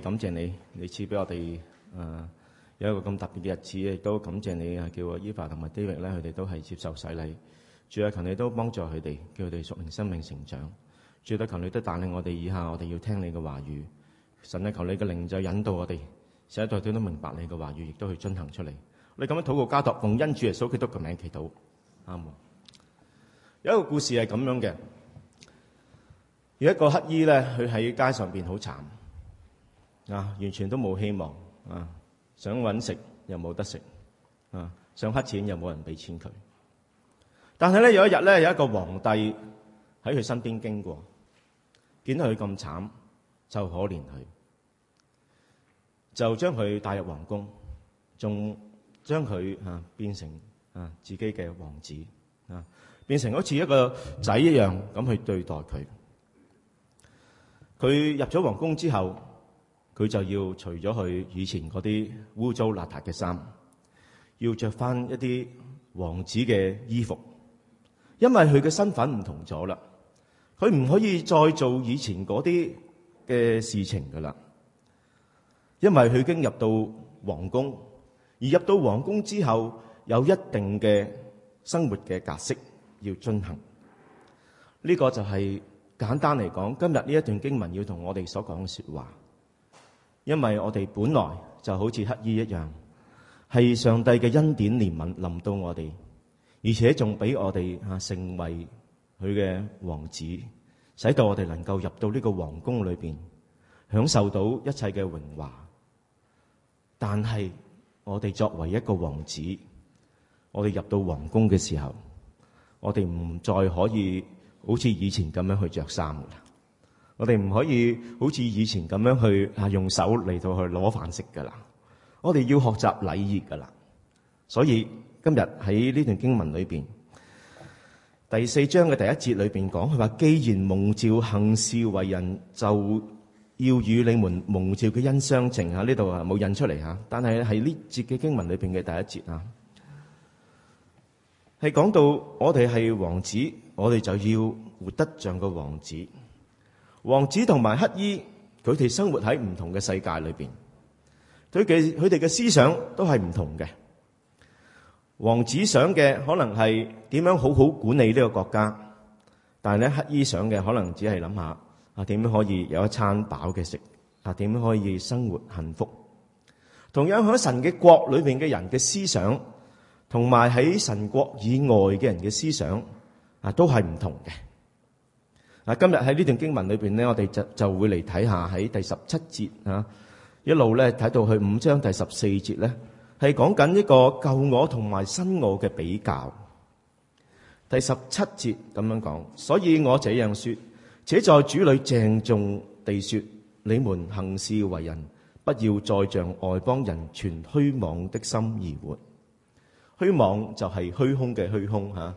感謝你，你賜俾我哋誒、呃、有一個咁特別嘅日子，亦都感謝你啊！叫阿 Eva 同埋 Derek 咧，佢哋都係接受洗禮。主啊，求你都幫助佢哋，叫佢哋屬靈生命成長。主啊，求你都帶領我哋，以下我哋要聽你嘅話語。神啊，求你嘅靈就引導我哋，使一隊隊都明白你嘅話語，亦都去進行出嚟。你咁樣禱告，交託奉恩主耶穌基督嘅名祈禱，阿們。有一個故事係咁樣嘅，有一個乞兒咧，佢喺街上邊好慘。啊！完全都冇希望啊！想搵食又冇得食啊！想乞錢又冇人俾錢佢。但係咧，有一日咧，有一個皇帝喺佢身邊經過，見到佢咁慘，就可憐佢，就將佢帶入皇宮，仲將佢嚇、啊、變成嚇、啊、自己嘅王子啊，變成好似一個仔一樣咁去對待佢。佢入咗皇宮之後，佢就要除咗佢以前嗰啲污糟邋遢嘅衫，要着翻一啲王子嘅衣服，因為佢嘅身份唔同咗啦。佢唔可以再做以前嗰啲嘅事情噶啦，因為佢經入到皇宮，而入到皇宮之後，有一定嘅生活嘅格式要進行。呢、這個就係簡單嚟講，今日呢一段經文要同我哋所講嘅說話。因為我哋本來就好似乞衣一樣，係上帝嘅恩典憐憫臨到我哋，而且仲俾我哋嚇成為佢嘅王子，使到我哋能夠入到呢個王宮裏邊，享受到一切嘅榮華。但係我哋作為一個王子，我哋入到王宮嘅時候，我哋唔再可以好似以前咁樣去着衫㗎啦。我哋唔可以好似以前咁樣去啊，用手嚟到去攞飯食噶啦。我哋要學習禮儀噶啦，所以今日喺呢段經文裏邊第四章嘅第一節裏邊講，佢話既然蒙召行事為人，就要與你們蒙召嘅恩相稱啊。呢度啊冇印出嚟吓，但係喺呢節嘅經文裏邊嘅第一節啊，係講到我哋係王子，我哋就要活得像個王子。王子同埋乞衣，佢哋生活喺唔同嘅世界裏邊，佢嘅佢哋嘅思想都係唔同嘅。王子想嘅可能係點樣好好管理呢個國家，但係咧乞衣想嘅可能只係諗下啊，點樣可以有一餐飽嘅食啊，點樣可以生活幸福。同樣響神嘅國裏邊嘅人嘅思想，同埋喺神國以外嘅人嘅思想啊，都係唔同嘅。啊，今日喺呢段經文裏邊咧，我哋就就會嚟睇下，喺第十七節啊，一路咧睇到去五章第十四節咧，係講緊一個舊我同埋新我嘅比較。第十七節咁樣講，所以我這樣說，且在主裏鄭重地說，你們行事為人，不要再像外邦人存虛妄的心而活。虛妄就係虛空嘅虛空吓。啊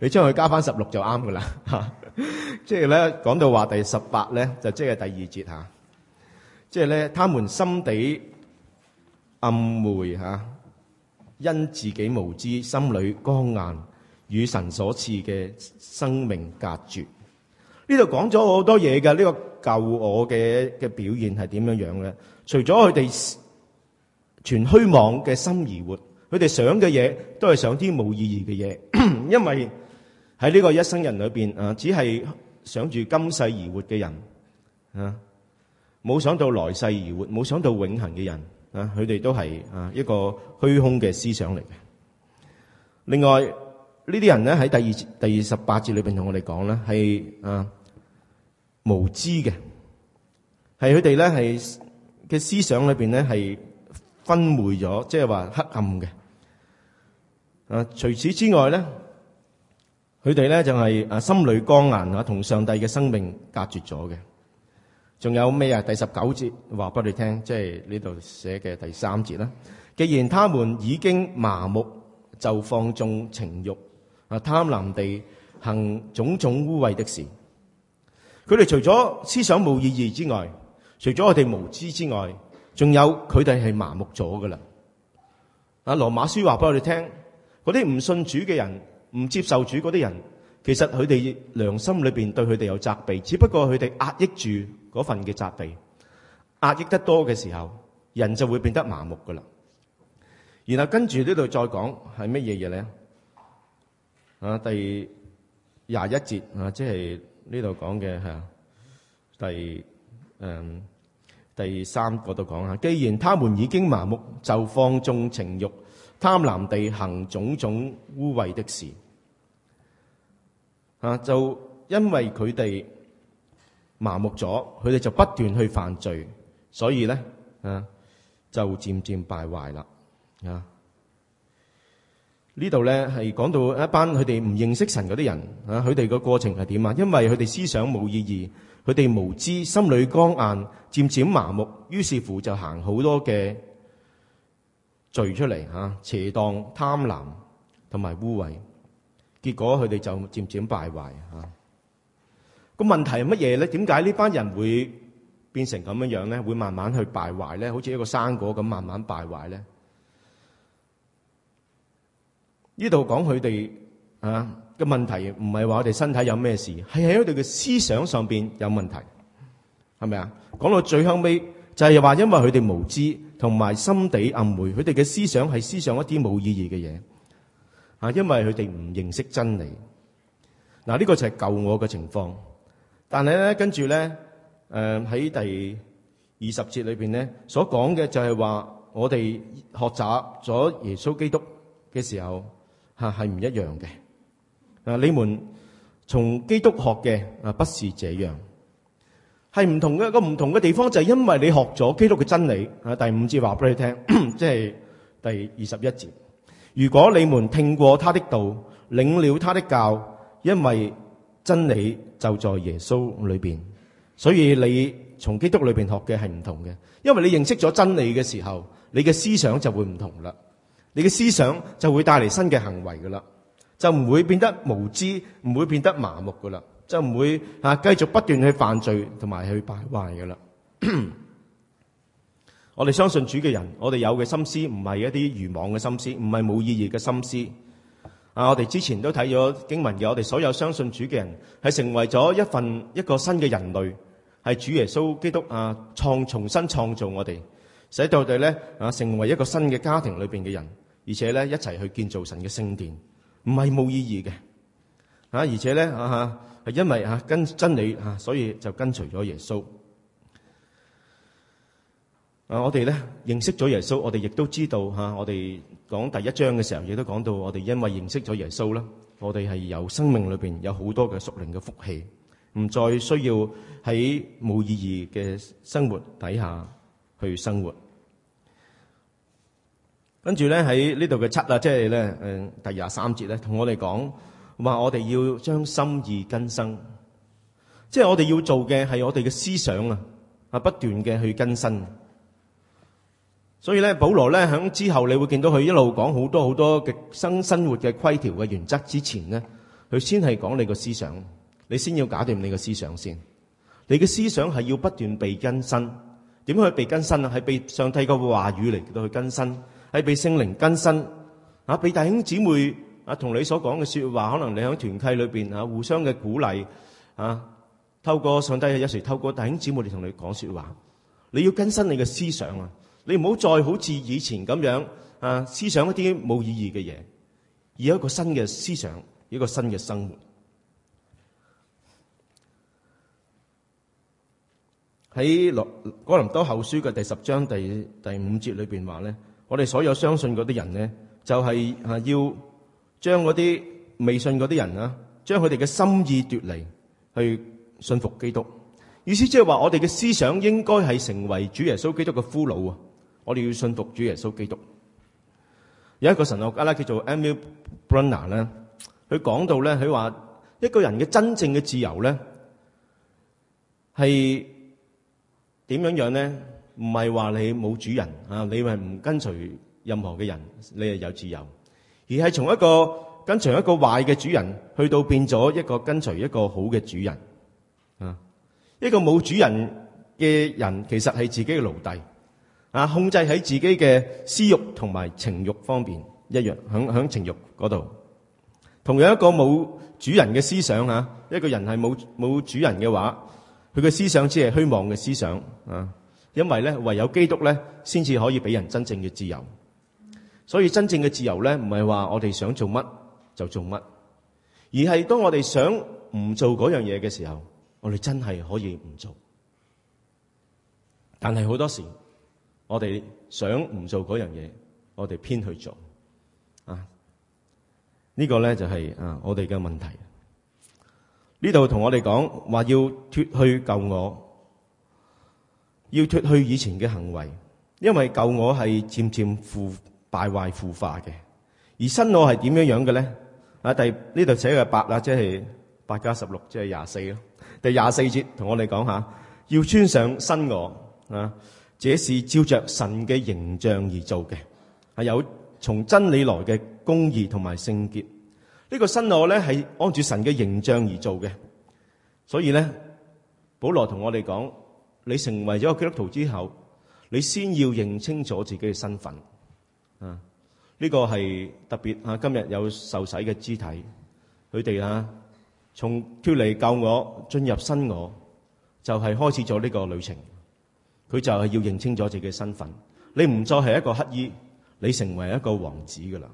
你將佢加翻十六就啱噶啦，即係咧講到話第十八咧，就即係第二節嚇，即係咧他們心地暗昧嚇、啊，因自己無知，心裏剛硬，與神所賜嘅生命隔絕。呢度講咗好多嘢噶，呢、呢個救我嘅嘅表現係點樣樣咧？除咗佢哋全虛妄嘅心而活，佢哋想嘅嘢都係想啲冇意義嘅嘢， 因為喺呢個一生人裏邊，啊，只係想住今世而活嘅人，啊，冇想到來世而活，冇想到永恆嘅人，啊，佢哋都係啊一個虛空嘅思想嚟嘅。另外呢啲人咧喺第二第二十八節裏邊同我哋講咧，係啊無知嘅，係佢哋咧係嘅思想裏邊咧係昏昧咗，即係話黑暗嘅。啊，除此之外咧。佢哋咧就係啊心裏剛硬啊，同上帝嘅生命隔絕咗嘅。仲有咩啊？第十九節話俾你聽，即係呢度寫嘅第三節啦。既然他們已經麻木，就放縱情慾啊，貪婪地行種種污穢的事。佢哋除咗思想冇意義之外，除咗我哋無知之外，仲有佢哋係麻木咗噶啦。啊，羅馬書話俾我哋聽，嗰啲唔信主嘅人。唔接受主嗰啲人，其實佢哋良心裏邊對佢哋有責備，只不過佢哋壓抑住嗰份嘅責備。壓抑得多嘅時候，人就會變得麻木㗎喇。然後跟住呢度再講係乜嘢嘢咧？啊，第廿一節啊，即係呢度講嘅係第誒第三嗰度講下。既然他們已經麻木，就放縱情慾。貪婪地行種種污穢的事，啊！就因為佢哋麻木咗，佢哋就不斷去犯罪，所以咧，啊，就漸漸敗壞啦，啊！呢度咧係講到一班佢哋唔認識神嗰啲人，啊，佢哋個過程係點啊？因為佢哋思想冇意義，佢哋無知，心裏剛硬，漸漸麻木，於是乎就行好多嘅。聚出嚟嚇，邪蕩貪婪同埋污穢，結果佢哋就漸漸敗壞嚇。個問題係乜嘢咧？點解呢班人會變成咁樣樣咧？會慢慢去敗壞咧？好似一個生果咁，慢慢敗壞咧？呢度講佢哋嚇嘅問題，唔係話我哋身體有咩事，係喺佢哋嘅思想上邊有問題，係咪啊？講到最後尾就係話，因為佢哋無知。同埋心地暗昧，佢哋嘅思想係思想一啲冇意義嘅嘢，啊！因為佢哋唔認識真理。嗱，呢個就係舊我嘅情況。但係咧，跟住咧，誒、呃、喺第二十節裏邊咧，所講嘅就係話，我哋學習咗耶穌基督嘅時候，吓係唔一樣嘅。啊，你們從基督學嘅啊，不是這樣。係唔同嘅，一個唔同嘅地方，就係因為你學咗基督嘅真理。啊，第五節話俾你聽，即係、 就是、第二十一節。如果你們聽過他的道，領了他的教，因為真理就在耶穌裏邊。所以你從基督裏邊學嘅係唔同嘅，因為你認識咗真理嘅時候，你嘅思想就會唔同啦。你嘅思想就會帶嚟新嘅行為噶啦，就唔會變得無知，唔會變得麻木噶啦。就唔會嚇、啊、繼續不斷去犯罪同埋去敗壞嘅啦。 我哋相信主嘅人，我哋有嘅心思唔係一啲愚妄嘅心思，唔係冇意義嘅心思。啊，我哋之前都睇咗經文嘅，我哋所有相信主嘅人係成為咗一份一個新嘅人類，係主耶穌基督啊創重新創造我哋，使到我哋咧啊成為一個新嘅家庭裏邊嘅人，而且咧一齊去建造神嘅聖殿，唔係冇意義嘅啊！而且咧啊嚇。啊因為啊跟真理啊，所以就跟隨咗耶穌。啊，我哋咧認識咗耶穌，我哋亦都知道吓。我哋講第一章嘅時候，亦都講到我哋因為認識咗耶穌啦，我哋係有生命裏邊有好多嘅屬靈嘅福氣，唔再需要喺冇意義嘅生活底下去生活。跟住咧喺呢度嘅七啦，即係咧誒，第二十三節咧，同我哋講。話我哋要將心意更新，即係我哋要做嘅係我哋嘅思想啊，啊不斷嘅去更新。所以咧，保羅咧響之後，你會見到佢一路講好多好多嘅新生活嘅規條嘅原則之前咧，佢先係講你個思想，你先要搞掂你個思想先。你嘅思想係要不斷被更新，點去被更新啊？係被上帝嘅話語嚟到去更新，係被聖靈更新啊，被弟兄姊妹。啊，同你所講嘅説話，可能你喺團契裏邊啊，互相嘅鼓勵啊，透過上帝有時透過弟兄姊妹嚟同你講説話。你要更新你嘅思想啊，你唔好再好似以前咁樣啊，思想一啲冇意義嘅嘢，而有一個新嘅思想，一個新嘅生活。喺《羅 哥樂林多後書》嘅第十章第第五節裏邊話咧，我哋所有相信嗰啲人咧，就係、係、啊要。，將嗰啲未信嗰啲人啊，將佢哋嘅心意奪嚟，去信服基督。意思即係話，我哋嘅思想應該係成為主耶穌基督嘅俘虜啊！我哋要信服主耶穌基督。有一個神學家咧，叫做 Emil Brunner 咧，佢講到咧，佢話一個人嘅真正嘅自由咧，係點樣樣咧？唔係話你冇主人啊，你係唔跟隨任何嘅人，你係有自由。而係從一個跟隨一個壞嘅主人，去到變咗一個跟隨一個好嘅主人。啊，一個冇主人嘅人，其實係自己嘅奴隸。啊，控制喺自己嘅私欲同埋情欲方面一樣，響響情欲嗰度。同樣，一個冇主人嘅思想啊，一個人係冇冇主人嘅話，佢嘅思想只係虛妄嘅思想。啊，因為咧，唯有基督咧，先至可以俾人真正嘅自由。所以真正嘅自由咧，唔係話我哋想做乜就做乜，而係當我哋想唔做嗰樣嘢嘅時候，我哋真係可以唔做。但係好多時，我哋想唔做嗰樣嘢，我哋偏去做啊。這個、呢個咧就係、是、啊我哋嘅問題。呢度同我哋講話要脱去舊我，要脱去以前嘅行為，因為舊我係漸漸負。敗壞腐化嘅，而新我係點樣樣嘅咧？啊，第呢度寫嘅八啦，即係八加十六，即係廿四咯。第廿四節同我哋講下，要穿上新我啊，這是照着神嘅形象而做嘅，係有從真理來嘅公義同埋聖潔。呢、這個新我咧係按住神嘅形象而做嘅，所以咧保羅同我哋講，你成為咗基督徒之後，你先要認清楚自己嘅身份。啊！呢、這個係特別啊！今日有受洗嘅肢體，佢哋啊，從脫離舊我進入新我，就係、是、開始咗呢個旅程。佢就係要認清咗自己嘅身份，你唔再係一個乞兒，你成為一個王子㗎喇。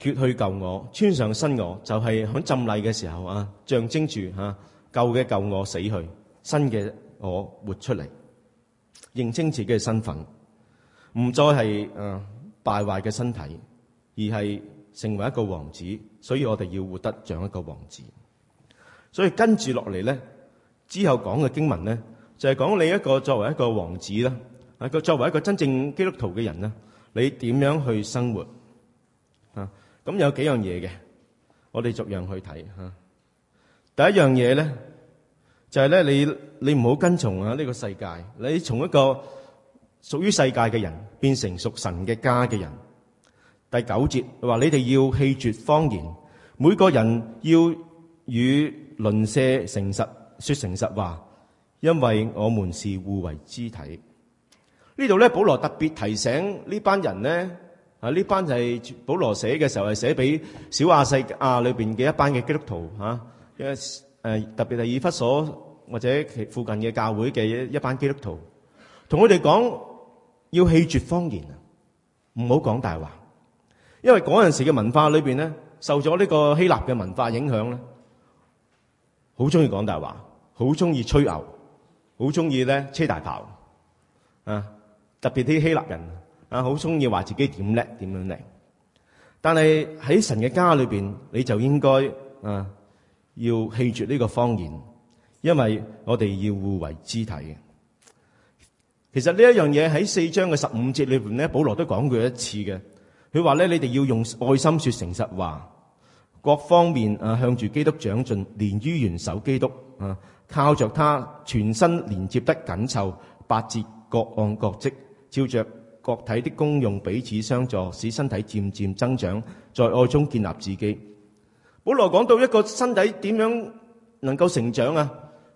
脫去舊我，穿上新我，就係、是、喺浸禮嘅時候啊，象徵住嚇舊嘅舊我死去，新嘅。我活出嚟，認清自己嘅身份，唔再係誒、呃、敗壞嘅身體，而係成為一個王子。所以我哋要活得像一個王子。所以跟住落嚟咧，之後講嘅經文咧，就係、是、講你一個作為一個王子啦，啊個作為一個真正基督徒嘅人啦，你點樣去生活啊？咁有幾樣嘢嘅，我哋逐樣去睇吓、啊。第一樣嘢咧。就係咧，你你唔好跟從啊！呢、這個世界，你從一個屬於世界嘅人，變成屬神嘅家嘅人。第九節話：你哋要棄絕謊言，每個人要與鄰舍誠實，說誠實話，因為我們是互為肢體。呢度咧，保羅特別提醒呢班人咧，啊呢班就係、是、保羅寫嘅時候係寫俾小亞細亞裏邊嘅一班嘅基督徒嚇。因、啊、特別係以弗所。或者其附近嘅教會嘅一班基督徒，同我哋講要棄絕謊言啊，唔好講大話，因為嗰陣時嘅文化裏邊咧，受咗呢個希臘嘅文化影響咧，好中意講大話，好中意吹牛，好中意咧車大炮啊！特別啲希臘人啊，好中意話自己點叻點樣叻，但係喺神嘅家裏邊，你就應該啊要棄絕呢個謊言。因為我哋要互為肢體，其實呢一樣嘢喺四章嘅十五節裏邊咧，保羅都講過一次嘅。佢話咧，你哋要用愛心說誠實話，各方面誒向住基督長進，連於元首基督啊，靠着他全身連接得緊湊，八節各按各職，照着各體的功用彼此相助，使身體漸漸增長，在愛中建立自己。保羅講到一個身體點樣能夠成長啊？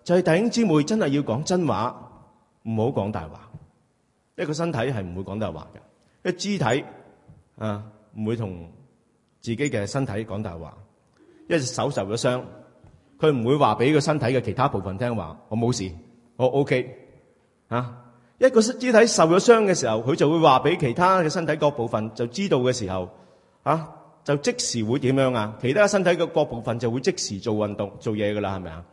就係弟兄姊妹，真係要講真話，唔好講大話。一個身體係唔會講大話嘅，一肢體啊唔會同自己嘅身體講大話。一隻手受咗傷，佢唔會話俾個身體嘅其他部分聽話。我冇事，我 OK 啊。一個肢體受咗傷嘅時候，佢就會話俾其他嘅身體各部分就知道嘅時候，啊就即時會點樣啊？其他身體嘅各部分就會即時做運動做嘢噶啦，係咪啊？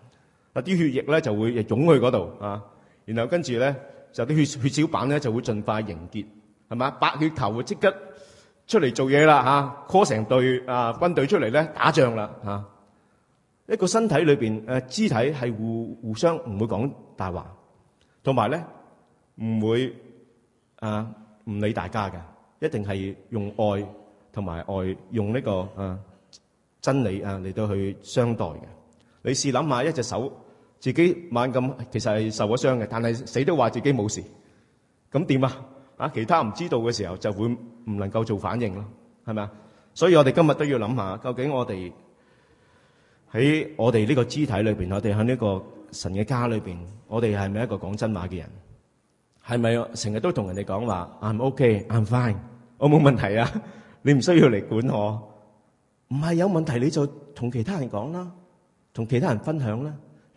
啲血液咧就會誒湧去嗰度啊，然後跟住咧就啲血血小板咧就會盡快凝結，係嘛？白血球會即刻出嚟做嘢啦嚇，call 成隊啊軍隊出嚟咧打仗啦嚇。一個身體裏邊誒肢體係互互相唔會講大話，同埋咧唔會啊唔理大家嘅，一定係用愛同埋愛用呢個啊真理啊嚟到去相待嘅。你試諗下一隻手。自己猛咁，其實係受咗傷嘅，但係死都話自己冇事，咁點啊？啊，其他唔知道嘅時候就會唔能夠做反應囉，係咪啊？所以我哋今日都要諗下，究竟我哋喺我哋呢個肢體裏邊，我哋喺呢個神嘅家裏邊，我哋係咪一個講真話嘅人？係咪成日都同人哋講話？I'm okay, I'm fine，我冇問題啊！ 你唔需要嚟管我，唔係有問題你就同其他人講啦，同其他人分享啦。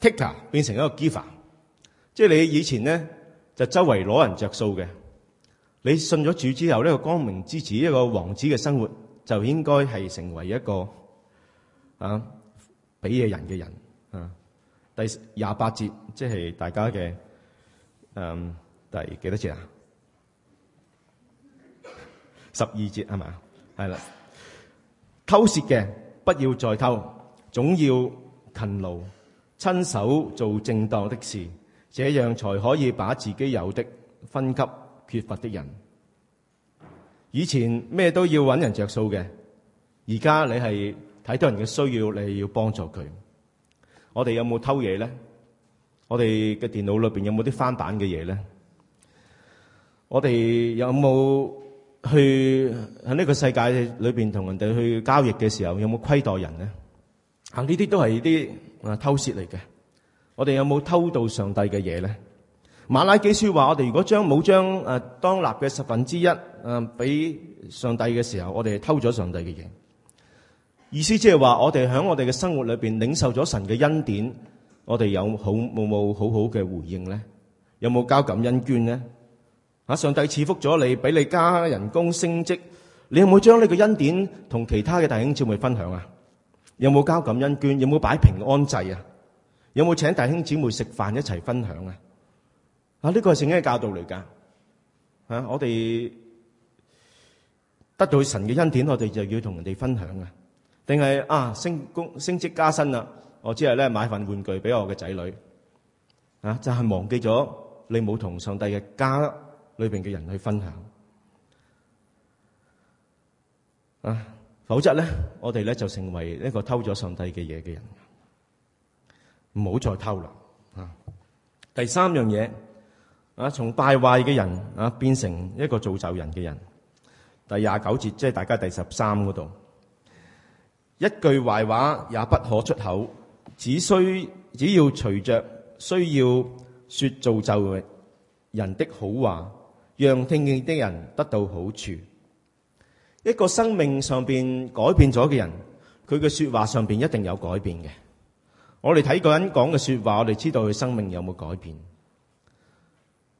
Taker 變成一個 Giver，即係你以前咧就周圍攞人着數嘅。你信咗主之後，呢個光明之子，一個王子嘅生活，就應該係成為一個啊俾嘢人嘅人。啊，第廿八節即係大家嘅，嗯，第幾多節啊？十二節係咪？係啦，偷竊嘅不要再偷，總要勤勞。親手做正當的事，這樣才可以把自己有的分給缺乏的人。以前咩都要揾人着數嘅，而家你係睇到人嘅需要，你要幫助佢。我哋有冇偷嘢咧？我哋嘅電腦裏邊有冇啲翻版嘅嘢咧？我哋有冇去喺呢個世界裏邊同人哋去交易嘅時候，有冇虧待人咧？啊，呢啲都係啲～啊，偷竊嚟嘅，我哋有冇偷盜上帝嘅嘢咧？馬拉基書話：我哋如果將冇將誒當納嘅十分之一啊，俾上帝嘅時候，我哋係偷咗上帝嘅嘢。意思即係話，我哋喺我哋嘅生活裏邊，領受咗神嘅恩典，我哋有好冇冇好好嘅回應咧？有冇交感恩捐咧？啊，上帝賜福咗你，俾你加人工升職，你有冇將呢個恩典同其他嘅弟兄姊妹分享啊？有冇交感恩捐？有冇擺平安祭啊？有冇請弟兄姊妹食飯一齊分享啊？啊，呢個係聖經嘅教導嚟噶。啊，我哋得到神嘅恩典，我哋就要同人哋分享啊。定係啊升工升職加薪啦，我只係咧買份玩具俾我嘅仔女。啊，就係、是、忘記咗你冇同上帝嘅家裏邊嘅人去分享啊。否則咧，我哋咧就成為一個偷咗上帝嘅嘢嘅人，唔好再偷啦。啊，第三樣嘢啊，從敗壞嘅人啊，變成一個造就人嘅人。第廿九節，即係大家第十三嗰度，一句壞話也不可出口，只需要只要隨着需要說造就人的好話，讓聽見的人得到好處。一個生命上邊改變咗嘅人，佢嘅說話上邊一定有改變嘅。我哋睇個人講嘅說話，我哋知道佢生命有冇改變。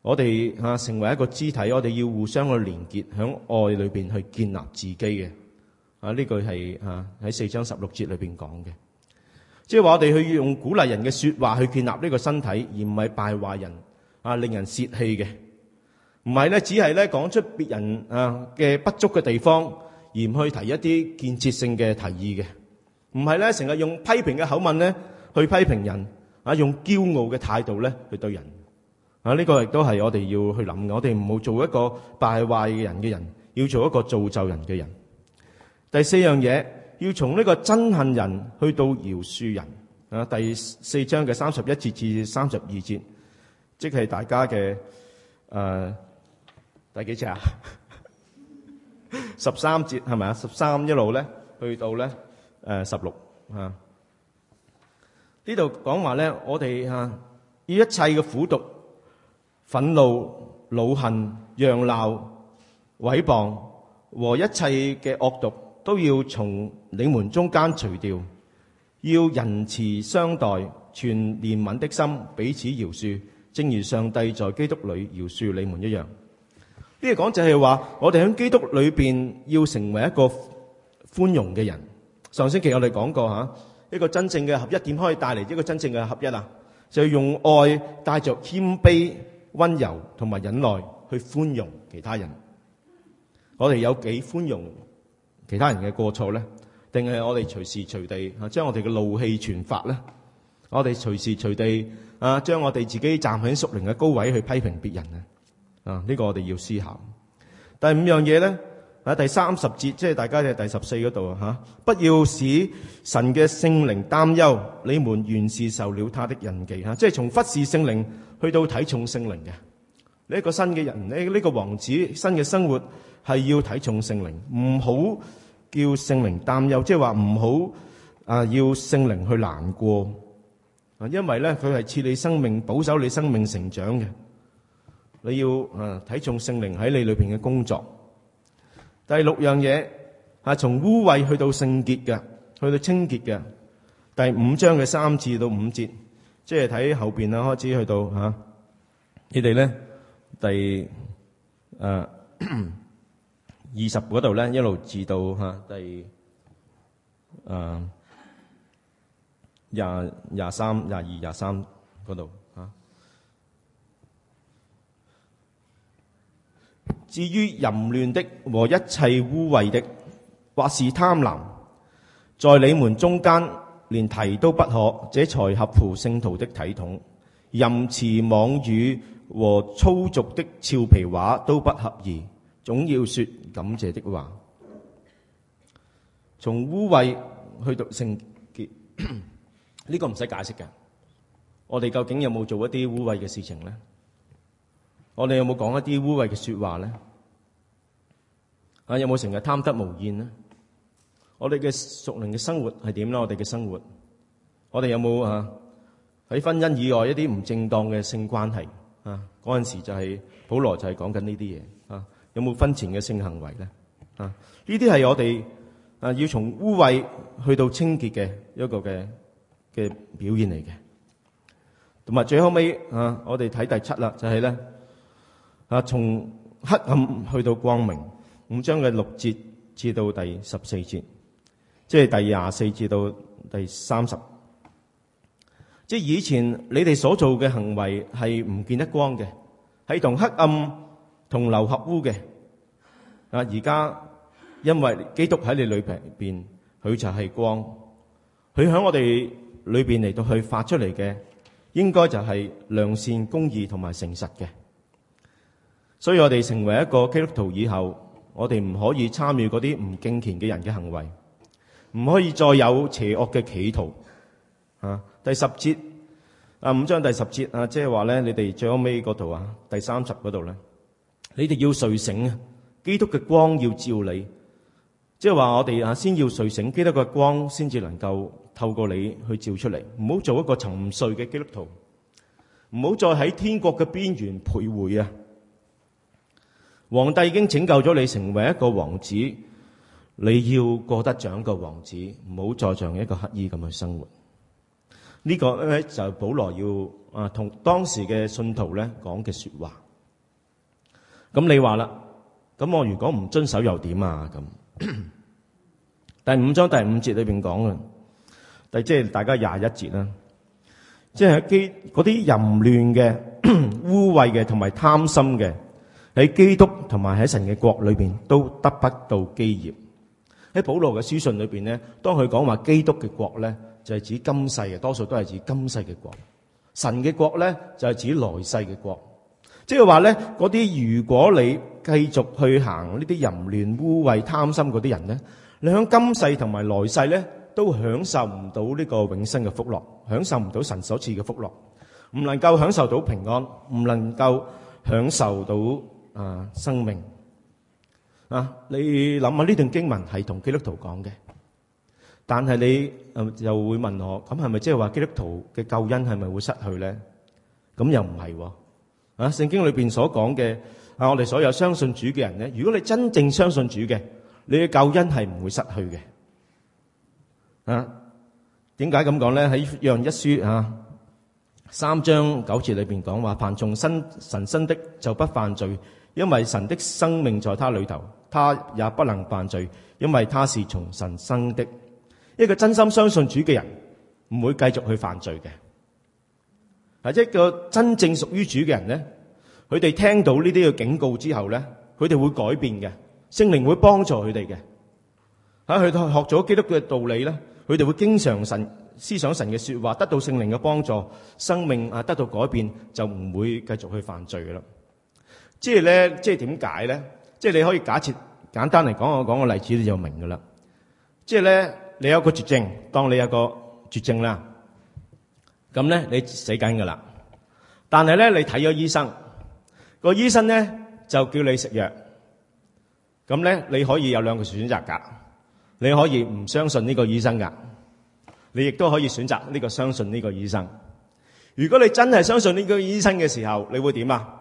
我哋吓、啊、成為一個肢體，我哋要互相去連結，響愛裏邊去建立自己嘅。啊，呢句係吓喺四章十六節裏邊講嘅，即係話我哋去要用鼓勵人嘅說話去建立呢個身體，而唔係敗壞人啊，令人洩氣嘅。唔係咧，只係咧講出別人啊嘅不足嘅地方，而唔去提一啲建設性嘅提議嘅。唔係咧，成日用批評嘅口吻咧去批評人，啊，用驕傲嘅態度咧去對人。啊，呢個亦都係我哋要去諗嘅，我哋唔好做一個敗壞嘅人嘅人，要做一個造就人嘅人。第四樣嘢，要從呢個憎恨人去到饒恕人。啊，第四章嘅三十一節至三十二節，即係大家嘅誒。呃第幾節啊？ 十三節係咪啊？十三一路咧，去到咧誒、呃，十六啊。呢度講話咧，我哋啊，要一切嘅苦毒、憤怒、惱恨、揚鬧、毀謗和一切嘅惡毒，都要從你們中間除掉。要仁慈相待，存憐憫的心，彼此饒恕，正如上帝在基督裏饒恕你們一樣。呢個講就係話，我哋喺基督裏邊要成為一個寬容嘅人。上星期我哋講過吓，一個真正嘅合一點可以帶嚟一個真正嘅合一啊，就係用愛帶着謙卑、溫柔同埋忍耐去寬容其他人。我哋有幾寬容其他人嘅過錯咧？定係我哋隨時隨地啊將我哋嘅怒氣傳發咧？我哋隨時隨地啊將我哋自己站喺熟齡嘅高位去批評別人啊？啊！呢、這個我哋要思考。第五樣嘢咧，喺、啊、第三十節，即係大家嘅第十四嗰度啊，吓，不要使神嘅聖靈擔憂，你們原是受了他的印記吓，即係從忽視聖靈去到睇重聖靈嘅。你一個新嘅人，你呢個王子新嘅生活係要睇重聖靈，唔好叫聖靈擔憂，即係話唔好啊，要聖靈去難過啊，因為咧佢係賜你生命，保守你生命成長嘅。你要啊睇重聖靈喺你裏邊嘅工作。第六樣嘢啊，從污穢去到聖潔嘅，去到清潔嘅。第五章嘅三至到五節，即係睇後邊啦，開始去到吓，你哋咧第誒二十嗰度咧，一路至到吓第誒廿廿三廿二廿三嗰度。至於淫亂的和一切污穢的，或是貪婪，在你們中間連提都不可，這才合乎聖徒的體統。淫詞妄語和粗俗的俏皮話都不合宜，總要說感謝的話。從污穢去到聖潔，呢、 這個唔使解釋嘅。我哋究竟有冇做一啲污穢嘅事情呢？我哋有冇講一啲污穢嘅說話咧？啊，有冇成日貪得無厭咧？我哋嘅熟人嘅生活係點咧？我哋嘅生活，我哋有冇啊？喺婚姻以外一啲唔正當嘅性關係啊？嗰陣時就係、是、保羅就係講緊呢啲嘢啊？有冇婚前嘅性行為咧？啊？呢啲係我哋啊要從污穢去到清潔嘅一個嘅嘅表現嚟嘅。同埋最後尾啊，我哋睇第七啦，就係、是、咧。啊！從黑暗去到光明，五章嘅六節至到第十四節，即係第廿四至到第三十。即係以前你哋所做嘅行為係唔見得光嘅，係同黑暗同流合污嘅。啊！而家因為基督喺你裏邊，佢就係光，佢喺我哋裏邊嚟到去發出嚟嘅，應該就係良善、公義同埋誠實嘅。所以我哋成為一個基督徒以後，我哋唔可以參與嗰啲唔敬虔嘅人嘅行為，唔可以再有邪惡嘅企圖。啊，第十節啊，五章第十節啊，即係話咧，你哋最後尾嗰度啊，第三十嗰度咧，你哋要睡醒啊！基督嘅光要照你，即係話我哋啊，先要睡醒，基督嘅光先至能夠透過你去照出嚟。唔好做一個沉睡嘅基督徒，唔好再喺天國嘅邊緣徘徊啊！皇帝已經拯救咗你成為一個王子，你要過得像嘅王子，唔好再像一個乞衣咁去生活。呢、這個就保羅要啊同當時嘅信徒咧講嘅說話。咁、嗯、你話啦，咁、嗯、我如果唔遵守又點啊？咁、嗯、第五章第五節裏邊講嘅，第即係大家廿一節啦，即係嗰啲淫亂嘅、 污穢嘅同埋貪心嘅。喺基督同埋喺神嘅國裏邊都得不到基業。喺保羅嘅書信裏邊咧，當佢講話基督嘅國咧，就係指今世嘅，多數都係指今世嘅國。神嘅國咧就係指來世嘅國。即係話咧，嗰啲如果你繼續去行呢啲淫亂、污穢、貪心嗰啲人咧，你喺今世同埋來世咧都享受唔到呢個永生嘅福樂，享受唔到神所賜嘅福樂，唔能夠享受到平安，唔能夠享受到。啊，生命啊！你諗下呢段經文係同基督徒講嘅，但係你又會問我，咁係咪即係話基督徒嘅救恩係咪會失去咧？咁又唔係喎！啊，聖經裏邊所講嘅啊，我哋所有相信主嘅人咧，如果你真正相信主嘅，你嘅救恩係唔會失去嘅。啊，點解咁講咧？喺約翰一書啊三章九節裏邊講話，凡從神生的就不犯罪。因為神的生命在他裏頭，他也不能犯罪，因為他是從神生的。一個真心相信主嘅人，唔會繼續去犯罪嘅。啊，一個真正屬於主嘅人呢，佢哋聽到呢啲嘅警告之後呢，佢哋會改變嘅，聖靈會幫助佢哋嘅。喺佢學咗基督嘅道理呢，佢哋會經常神思想神嘅說話，得到聖靈嘅幫助，生命啊得到改變，就唔會繼續去犯罪啦。即係咧，即係點解咧？即係你可以假設簡單嚟講，我講個例子你就明噶啦。即係咧，你有一個絕症，當你有個絕症啦，咁咧你死緊噶啦。但係咧，你睇咗醫生，個醫生咧就叫你食藥。咁咧，你可以有兩個選擇噶，你可以唔相信呢個醫生噶，你亦都可以選擇呢個相信呢個醫生。如果你真係相信呢個醫生嘅時候，你會點啊？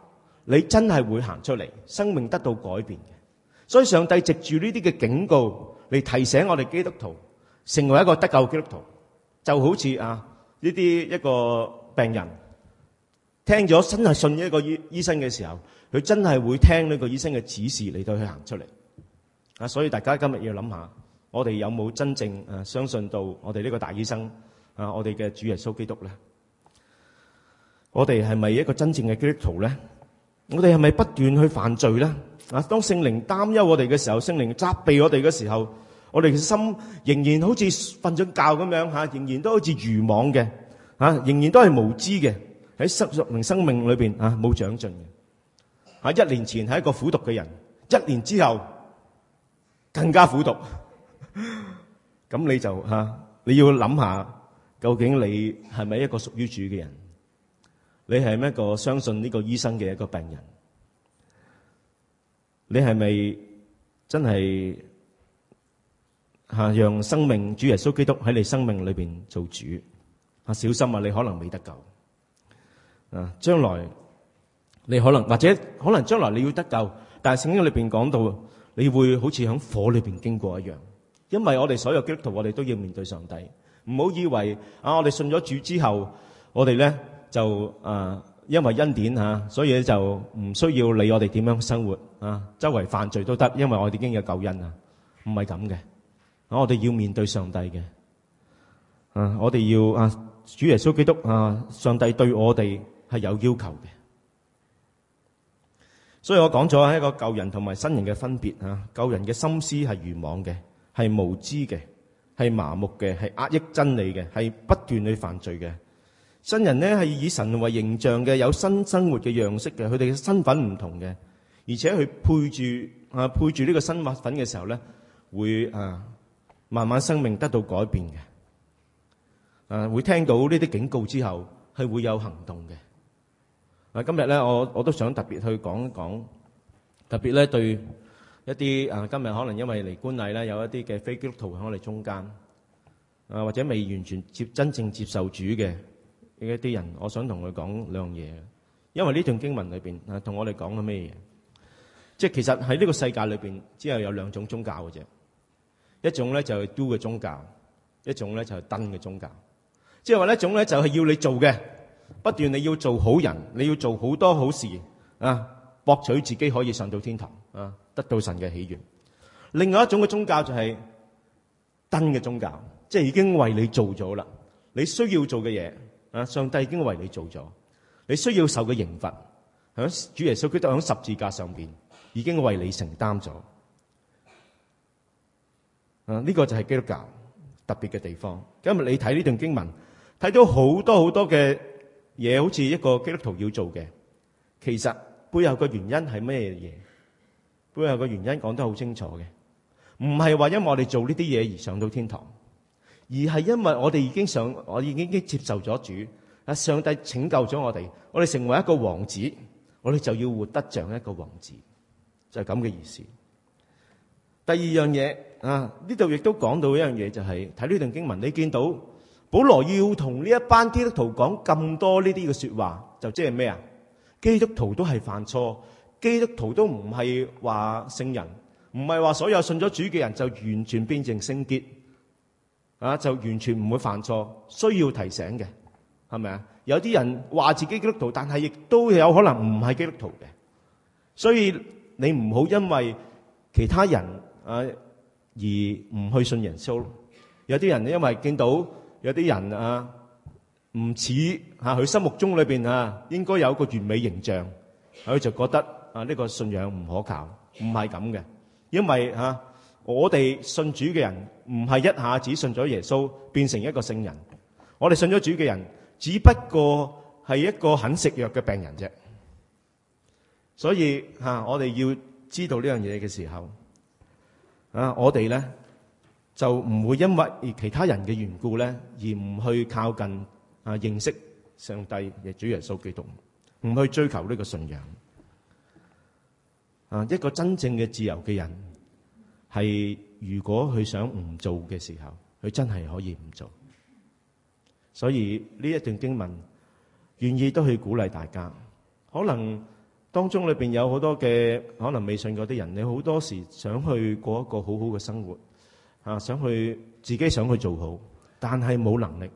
你真係會行出嚟，生命得到改變嘅。所以上帝藉住呢啲嘅警告嚟提醒我哋基督徒，成為一個得救基督徒，就好似啊呢啲一個病人，聽咗真係信一個醫醫生嘅時候，佢真係會聽呢個醫生嘅指示嚟到去行出嚟。啊，所以大家今日要諗下，我哋有冇真正誒相信到我哋呢個大醫生啊，我哋嘅主耶穌基督咧？我哋係咪一個真正嘅基督徒咧？我哋係咪不斷去犯罪咧？啊，當聖靈擔憂我哋嘅時候，聖靈責備我哋嘅時候，我哋嘅心仍然好似瞓咗覺咁樣吓，仍然都好似愚妄嘅，吓，仍然都係無知嘅，喺生命生命裏邊啊，冇長進嘅。啊，一年前係一個苦毒嘅人，一年之後更加苦毒，咁你就吓，你要諗下，究竟你係咪一個屬於主嘅人？你係一個相信呢個醫生嘅一個病人？你係咪真係嚇讓生命主耶穌基督喺你生命裏邊做主？啊，小心啊！你可能未得救啊！將來你可能或者可能將來你要得救，但係聖經裏邊講到，你會好似喺火裏邊經過一樣，因為我哋所有基督徒，我哋都要面對上帝。唔好以為啊，我哋信咗主之後，我哋咧。就啊，因為恩典吓、啊，所以咧就唔需要理我哋點樣生活啊，周圍犯罪都得，因為我哋已經有救恩啊，唔係咁嘅啊，我哋要面對上帝嘅啊，我哋要啊，主耶穌基督啊，上帝對我哋係有要求嘅，所以我講咗一個舊人同埋新人嘅分別吓，舊、啊、人嘅心思係愚妄嘅，係無知嘅，係麻木嘅，係壓抑真理嘅，係不斷去犯罪嘅。新人咧係以神為形象嘅，有新生活嘅樣式嘅。佢哋嘅身份唔同嘅，而且佢配住啊，配住呢個新物品，嘅時候咧，會啊慢慢生命得到改變嘅啊。會聽到呢啲警告之後，係會有行動嘅啊。今日咧，我我都想特別去講一講，特別咧對一啲啊，今日可能因為嚟觀禮咧，有一啲嘅非基督徒喺我哋中間啊，或者未完全接真正接受主嘅。一啲人，我想同佢講兩樣嘢。因為呢段經文裏邊啊，同我哋講咗咩嘢？即係其實喺呢個世界裏邊，只有有兩種宗教嘅啫。一種咧就係、是、do 嘅宗教，一種咧就係 done 嘅宗教。即係話一種咧就係、是、要你做嘅，不斷你要做好人，你要做好多好事啊，博取自己可以上到天堂啊，得到神嘅喜悅。另外一種嘅宗教就係 done 嘅宗教，即係已經為你做咗啦，你需要做嘅嘢。啊！上帝已經為你做咗，你需要受嘅刑罰，響主耶穌基督響十字架上邊已經為你承擔咗。啊！呢個就係基督教特別嘅地方。今日你睇呢段經文，睇到好多好多嘅嘢，好似一個基督徒要做嘅，其實背後嘅原因係咩嘢？背後嘅原因講得好清楚嘅，唔係話因為我哋做呢啲嘢而上到天堂。而係因為我哋已經上，我已經經接受咗主啊！上帝拯救咗我哋，我哋成為一個王子，我哋就要活得像一個王子，就係咁嘅意思。第二樣嘢啊，呢度亦都講到一樣嘢，就係，就係睇呢段經文，你見到保羅要同呢一班基督徒講咁多呢啲嘅說話，就即係咩啊？基督徒都係犯錯，基督徒都唔係話聖人，唔係話所有信咗主嘅人就完全變成聖潔。啊，就完全唔會犯錯，需要提醒嘅，係咪啊？有啲人話自己基督徒，但係亦都有可能唔係基督徒嘅，所以你唔好因為其他人啊而唔去信耶穌。有啲人因為見到有啲人啊，唔似啊，佢心目中裏邊啊應該有一個完美形象，佢就覺得啊呢個信仰唔可靠，唔係咁嘅，因為啊。我哋信主嘅人唔係一下子信咗耶穌變成一個聖人。我哋信咗主嘅人只不過係一個肯食藥嘅病人啫。所以吓，啊，我哋要知道呢樣嘢嘅時候啊，我哋咧就唔會因為其他人嘅緣故咧而唔去靠近啊，認識上帝嘅主耶穌基督，唔去追求呢個信仰啊。一個真正嘅自由嘅人，係如果佢想唔做嘅時候，佢真係可以唔做。所以呢一段經文，願意都去鼓勵大家。可能當中裏邊有好多嘅可能未信嗰啲人，你好多時想去過一個好好嘅生活啊，想去自己想去做好，但係冇能力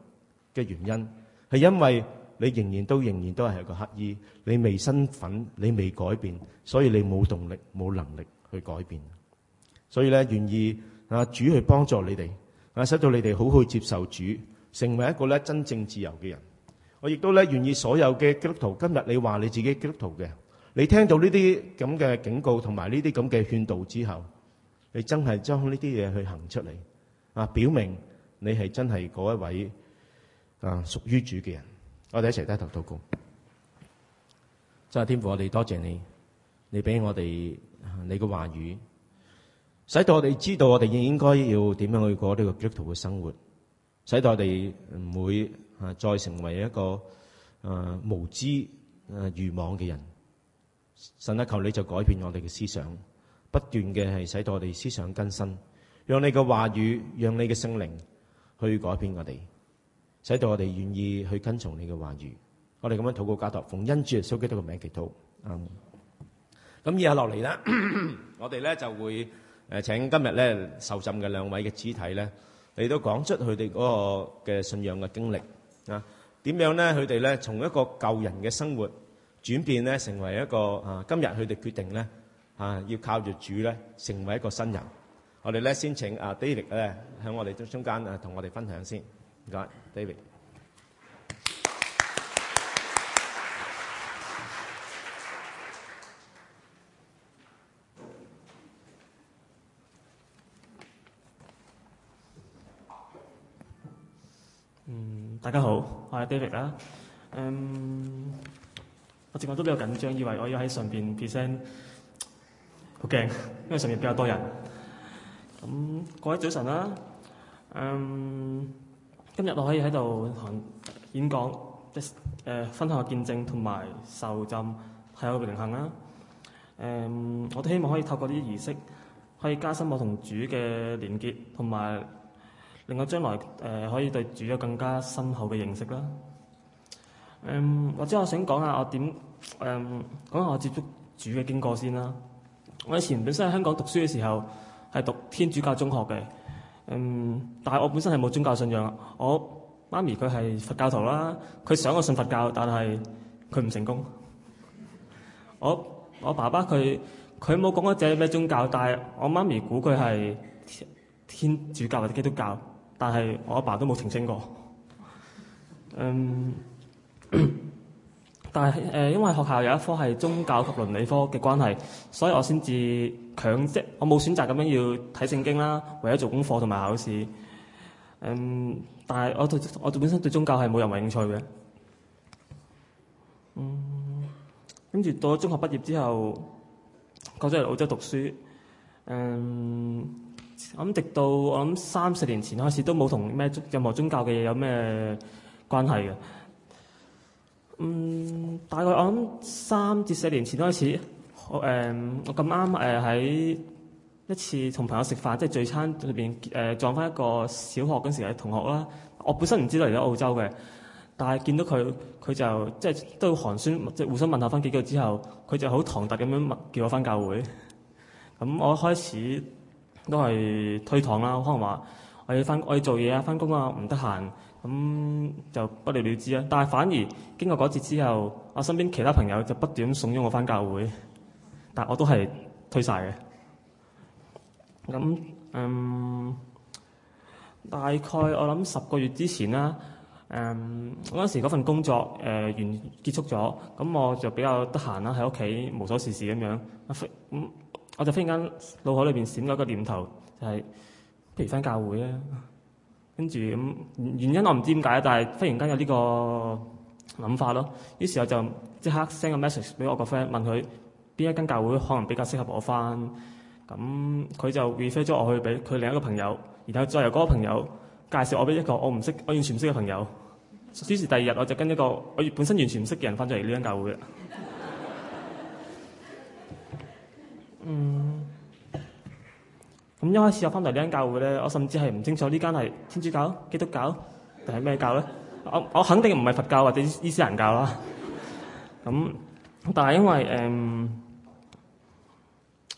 嘅原因，係因為你仍然都仍然都係一個乞兒，你未身份，你未改變，所以你冇動力、冇能力去改變。所以咧，願意啊主去幫助你哋啊，使到你哋好去接受主，成為一個咧真正自由嘅人。我亦都咧願意所有嘅基督徒，今日你話你自己基督徒嘅，你聽到呢啲咁嘅警告同埋呢啲咁嘅勸導之後，你真係將呢啲嘢去行出嚟啊，表明你係真係嗰一位啊屬於主嘅人。我哋一齊低頭禱告，真係天父，我哋多謝你，你俾我哋你嘅話語。使到我哋知道，我哋應應該要點樣去過呢個基督徒嘅生活，使到我哋唔會啊再成為一個啊、呃、無知啊愚妄嘅人。神啊，求你就改變我哋嘅思想，不斷嘅係使到我哋思想更新，讓你嘅話語，讓你嘅聖靈去改變我哋，使到我哋願意去跟從你嘅話語。我哋咁樣禱告假託，加特奉恩主耶穌基督嘅名祈禱。嗯、um,，咁而家落嚟咧，我哋咧就會。誒，請今日咧受浸嘅兩位嘅肢體咧嚟到講出佢哋嗰個嘅信仰嘅經歷啊，點樣咧佢哋咧從一個舊人嘅生活轉變咧成為一個啊，今日佢哋決定咧啊要靠住主咧成為一個新人，我哋咧先請啊 David 咧喺我哋中中間啊同我哋分享先，唔該，David。大家好，我係 David 啦。嗯，我整個都比較緊張，以為我要喺上邊 present，好驚，因為上面比較多人。咁、um,，各位早晨啦、啊。嗯、um,，今日我可以喺度演講，即、就、誒、是呃、分享下見證同埋受浸係有榮幸啦、啊。誒、um,，我都希望可以透過呢啲儀式，可以加深我同主嘅連結，同埋。令我將來誒、呃、可以對主有更加深厚嘅認識啦。嗯，或者我想講下我點誒、講下我接觸主嘅經過先啦。我以前本身喺香港讀書嘅時候係讀天主教中學嘅。嗯，但係我本身係冇宗教信仰。我媽咪佢係佛教徒啦，佢想我信佛教，但係佢唔成功。我我爸爸佢，佢冇講過借咩宗教，但係我媽咪估佢係天主教或者基督教。但係我阿爸都冇澄清過。嗯， 但係誒、呃，因為學校有一科係宗教及倫理科嘅關係，所以我先至強迫我冇選擇咁樣要睇聖經啦，為咗做功課同埋考試。嗯，但係我對我本身對宗教係冇任何興趣嘅。嗯，跟住到咗中學畢業之後，過咗嚟澳洲讀書。嗯。我諗直到我諗三四年前開始都冇同咩任何宗教嘅嘢有咩關係嘅。嗯，大概我諗三至四年前開始，我、嗯、我咁啱誒喺一次同朋友食飯，即係聚餐裏邊誒撞翻一個小學嗰時嘅同學啦。我本身唔知道嚟咗澳洲嘅，但係見到佢，佢就即係都寒暄，即係互相問下翻幾句之後，佢就好唐突咁樣問叫我翻教會。咁我一開始。都係推搪啦，可能話我要翻我要做嘢啊，翻工啊，唔得閒，咁就不了了之啊。但係反而經過嗰節之後，我身邊其他朋友就不斷送咗我翻教會，但我都係推晒嘅。咁嗯，大概我諗十個月之前啦，誒嗰陣時嗰份工作誒完、呃、結束咗，咁我就比較得閒啦，喺屋企無所事事咁樣。我就忽然間腦海裏邊閃咗一個念頭，就係、是、譬如翻教會啊，跟住咁原因我唔知點解，但係忽然間有呢個諗法咯。於是我就即刻 send 個 message 俾我個 friend 問佢邊一間教會可能比較適合我翻。咁佢就 refer 咗我去俾佢另一個朋友，然後再由嗰個朋友介紹我俾一個我唔識、我完全唔識嘅朋友。於是第二日我就跟一個我本身完全唔識嘅人翻咗嚟呢間教會。嗯，咁一開始我翻嚟呢間教會咧，我甚至係唔清楚呢間係天主教、基督教定係咩教咧？我我肯定唔係佛教或者伊斯蘭教啦。咁， 但係因為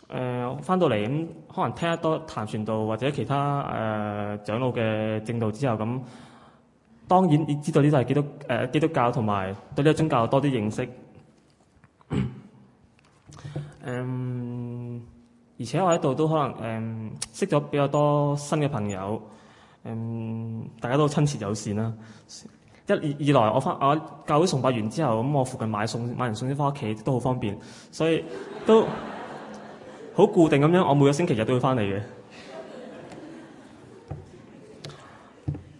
誒誒翻到嚟咁，可能聽得多譚傳道或者其他誒、呃、長老嘅正道之後咁，當然亦知道呢度係基督誒、呃、基督教同埋對呢個宗教多啲認識。 嗯。而且我喺度都可能誒，嗯、識咗比較多新嘅朋友，嗯，大家都親切友善啦。一二二來我，我翻我教會崇拜完之後，咁我附近買餸，買完餸先翻屋企都好方便，所以都好固定咁樣，我每個星期日都會翻嚟嘅。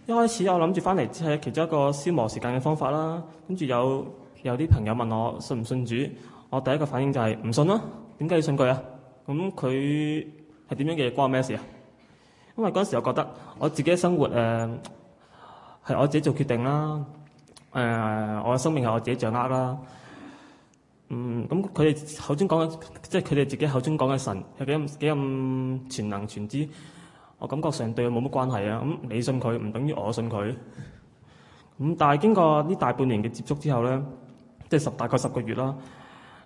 一開始我諗住翻嚟只係其中一個消磨時間嘅方法啦，跟住有有啲朋友問我信唔信主，我第一個反應就係唔信囉。點解要信佢啊？咁佢係點樣嘅嘢，關我咩事啊？因為嗰陣時我覺得我自己嘅生活誒、係、呃、我自己做決定啦，誒、呃、我嘅生命係我自己掌握啦。嗯，咁佢哋口中講嘅，即係佢哋自己口中講嘅神有幾咁幾咁全能全知，我感覺上對佢冇乜關係啊。咁、嗯、你信佢唔等於我信佢。咁、嗯、但係經過呢大半年嘅接觸之後咧，即係十大概十個月啦。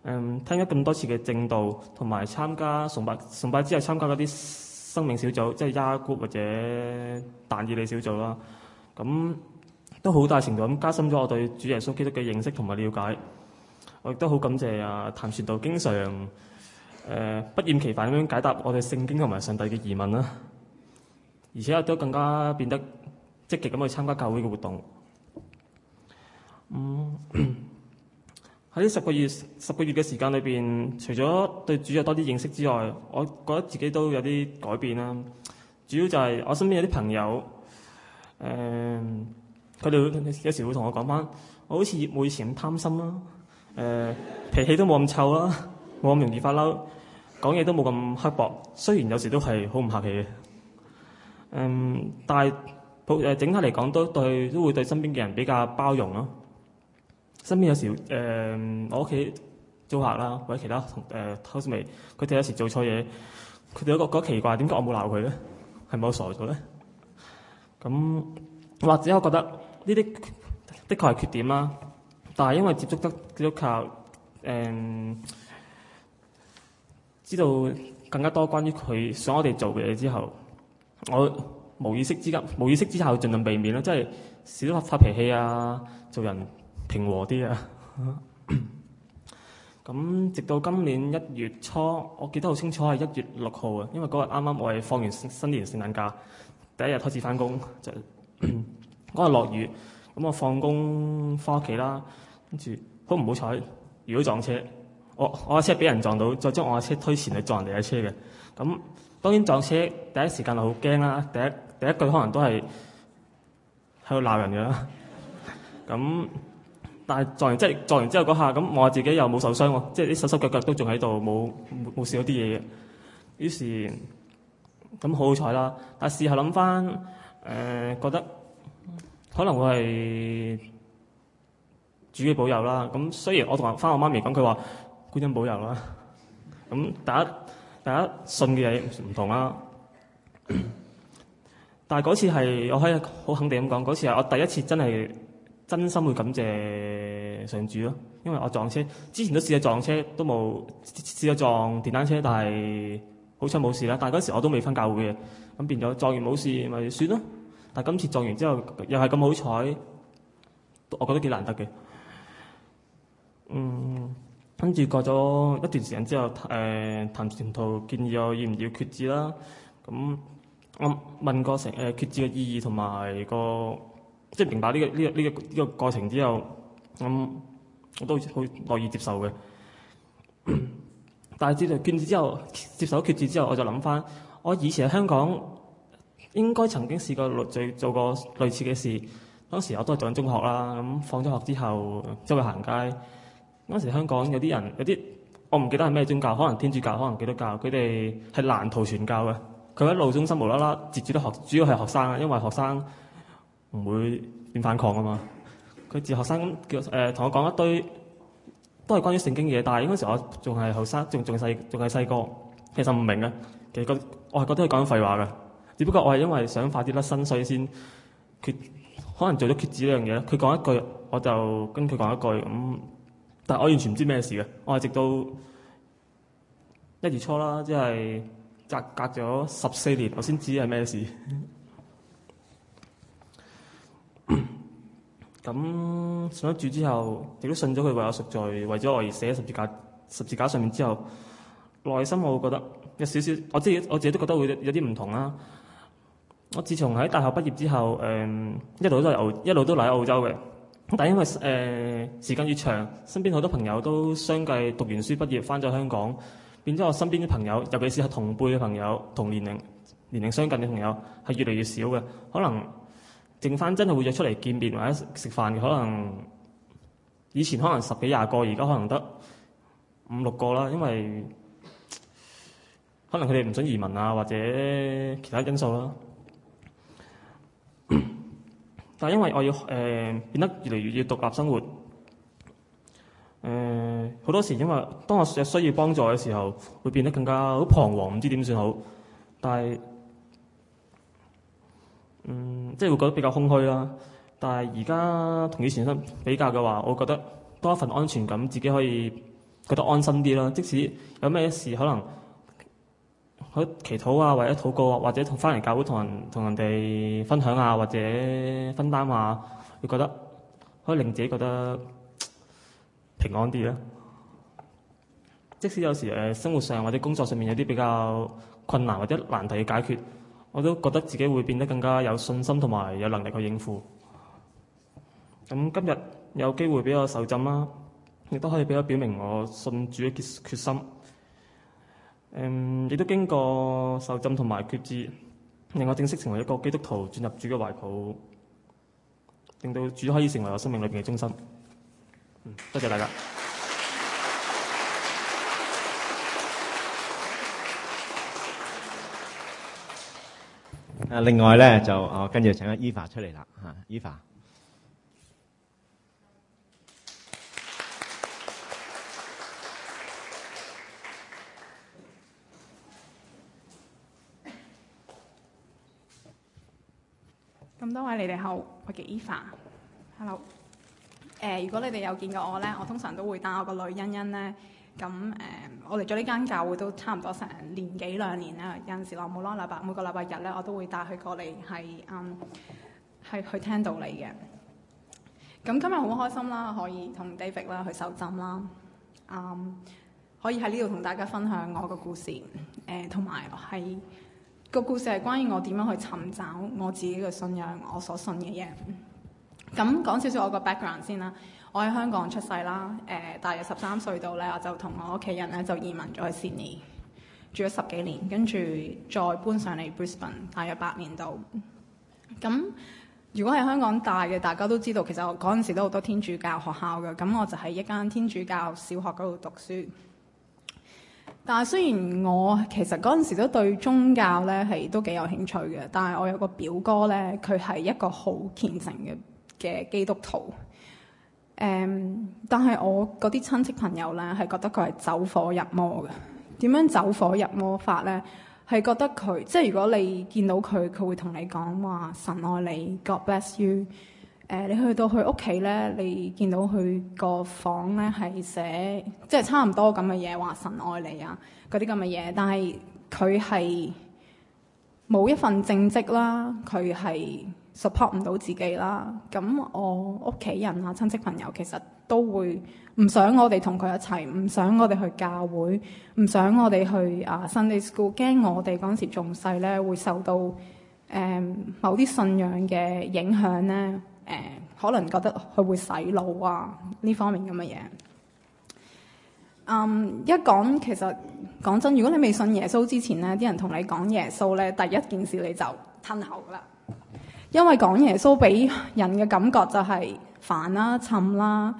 誒、um, 聽咗咁多次嘅正道，同埋參加崇拜、崇拜之後參加嗰啲生命小組，即係雅各或者但以理小組啦。咁都好大程度咁加深咗我對主耶穌基督嘅認識同埋了解。我亦都好感謝啊，譚傳道經常誒、呃、不厭其煩咁樣解答我哋聖經同埋上帝嘅疑問啦。而且亦都更加變得積極咁去參加教會嘅活動。嗯。 喺呢十個月十個月嘅時間裏邊，除咗對主有多啲認識之外，我覺得自己都有啲改變啦。主要就係我身邊有啲朋友，誒、呃，佢哋有時會同我講返，我好似冇以前咁貪心啦，誒、呃，脾氣都冇咁臭啦，冇 咁容易發嬲，講嘢都冇咁刻薄。雖然有時都係好唔客氣嘅，嗯、呃，但係誒整體嚟講都對，都會對身邊嘅人比較包容咯。身邊有時誒、呃，我屋企租客啦，或者其他同誒同事咪佢哋有時做錯嘢，佢哋有個覺得奇怪，點解我冇鬧佢咧？係咪我傻咗咧？咁或者我覺得呢啲的確係缺點啦，但係因為接觸得接觸靠誒、呃，知道更加多關於佢想我哋做嘅嘢之後，我無意識之間無意識之下盡量避免啦，即係少發脾氣啊，做人，平和啲啊！咁 直到今年一月初，我記得好清楚係一月六號啊，因為嗰日啱啱我係放完新年聖誕假，第一日開始翻工，就嗰日落雨，咁我放工翻屋企啦，跟住都唔好彩，如果撞車，我我架車俾人撞到，再將我架車推前去撞人哋架車嘅。咁當然撞車第一時間係好驚啦，第一第一句可能都係喺度鬧人嘅啦。咁但係撞完，即係撞完之後嗰下，咁我自己又冇受傷喎，即係啲手手腳腳都仲喺度，冇冇冇少啲嘢。於是咁好好彩啦。但係事後諗翻，誒、呃、覺得可能會係主嘅保佑啦。咁雖然我同翻我媽咪講，佢話觀音保佑啦。咁大家大家信嘅嘢唔同啦。但係嗰次係我可以好肯定咁講，嗰次係我第一次真係。真心會感謝上主咯，因為我撞車，之前都試過撞車，都冇試過撞電單車，但係好彩冇事啦。但係嗰時我都未返教會嘅，咁變咗撞完冇事咪算啦。但係今次撞完之後又係咁好彩，我覺得幾難得嘅。嗯，跟住過咗一段時間之後，誒、呃、譚傳道建議我要唔要決志啦。咁我問過成誒決志嘅意義同埋、嗰個。即係明白呢、這個呢、這個呢個呢個過程之後，咁、嗯、我都好樂意接受嘅。 但係接受決之後，接受決絕之後，我就諗翻，我以前喺香港應該曾經試過類做過類似嘅事。當時我都係讀緊中學啦，咁、嗯、放咗學之後，周圍行街。嗰陣時香港有啲人有啲，我唔記得係咩宗教，可能天主教，可能基督教，佢哋係難逃傳教嘅。佢喺路中心無啦啦截住啲學，主要係學生，因為學生。唔會變反抗啊嘛。佢自學生咁叫誒，同、呃、我講一堆都係關於聖經嘢，但係嗰陣時候我仲係後生，仲仲細，仲係細個，其實唔明嘅。其實我係覺得佢講緊廢話嘅，只不過我係因為想快啲甩身，所以先決可能做咗決志呢樣嘢。佢講一句，我就跟佢講一句咁，嗯，但我完全唔知咩事嘅。我係直到一月初啦，即係隔隔咗十四年，我先知係咩事。咁上咗住之後，亦都信咗佢為我贖罪，為咗我而寫十字架十字架上面之後，內心我會覺得有少少，我自己我自己都覺得會有啲唔同啦、啊。我自從喺大學畢業之後，誒一路都喺澳，一路都留喺澳洲嘅。但因為誒、嗯、時間越長，身邊好多朋友都相繼讀完書畢業，翻咗香港，變咗我身邊啲朋友，尤其是係同輩嘅朋友，同年齡年齡相近嘅朋友，係越嚟越少嘅，可能。剩翻真係會約出嚟見面或者食食飯嘅，可能以前可能十幾廿個，而家可能得五六個啦，因為可能佢哋唔准移民啊，或者其他因素啦。但係因為我要誒、呃、變得越嚟越要獨立生活，誒、呃、好多時因為當我需要幫助嘅時候，會變得更加好彷徨，唔知點算好。但係，嗯。即係會覺得比較空虛啦，但係而家同以前相比較嘅話，我覺得多一份安全感，自己可以覺得安心啲啦。即使有咩事，可能可祈禱啊，或者禱告啊，或者同返嚟教會同人同人哋分享啊，或者分擔啊，會覺得可以令自己覺得平安啲咧。即使有時誒、呃、生活上或者工作上面有啲比較困難或者難題要解決。我都覺得自己會變得更加有信心同埋有能力去應付。咁、嗯、今日有機會俾我受浸啦，亦都可以俾我表明我信主嘅決決心、嗯。亦都經過受浸同埋決志，令我正式成為一個基督徒，進入主嘅懷抱，令到主可以成為我生命裏邊嘅中心、嗯。多謝大家。啊，另外咧就啊，跟住請阿 Eva 出嚟啦嚇，Eva。咁多位你哋好，我叫 Eva。Hello、呃。誒，如果你哋有見過我咧，我通常都會帶我個女欣欣咧。咁誒、嗯，我嚟咗呢間教會都差唔多成年幾兩年啦。有陣時，落冇攞禮拜每個禮拜日咧，我都會帶佢過嚟，係嗯係去聽道理嘅。咁、嗯、今日好開心啦，可以同 David 啦去受浸啦。嗯，可以喺呢度同大家分享我個故事。誒、嗯，同埋係個故事係關於我點樣去尋找我自己嘅信仰，我所信嘅嘢。咁講少少我個 background 先啦。我喺香港出世啦，誒、呃，大約十三歲度咧，我就同我屋企人咧就移民咗去悉尼，住咗十幾年，跟住再搬上嚟 Brisbane，大約八年度。咁如果喺香港大嘅，大家都知道，其實我嗰陣時都好多天主教學校嘅，咁我就喺一間天主教小學嗰度讀書。但係雖然我其實嗰陣時都對宗教咧係都幾有興趣嘅，但係我有個表哥咧，佢係一個好虔誠嘅嘅基督徒。誒，um, 但係我嗰啲親戚朋友咧，係覺得佢係走火入魔嘅。點樣走火入魔法咧？係覺得佢，即係如果你見到佢，佢會同你講話神愛你，God bless you。誒、呃，你去到佢屋企咧，你見到佢個房咧係寫即係差唔多咁嘅嘢，話神愛你啊嗰啲咁嘅嘢。但係佢係冇一份正職啦，佢係。support 唔到自己啦，咁我屋企人啊、親戚朋友其實都會唔想我哋同佢一齊，唔想我哋去教會，唔想我哋去啊 Sunday school，驚我哋嗰陣時仲細咧會受到誒、呃、某啲信仰嘅影響咧，誒、呃、可能覺得佢會洗腦啊呢方面咁嘅嘢。嗯，一講其實講真，如果你未信耶穌之前咧，啲人同你講耶穌咧，第一件事你就吞口啦。因為講耶穌俾人嘅感覺就係煩啦、沉啦、啊，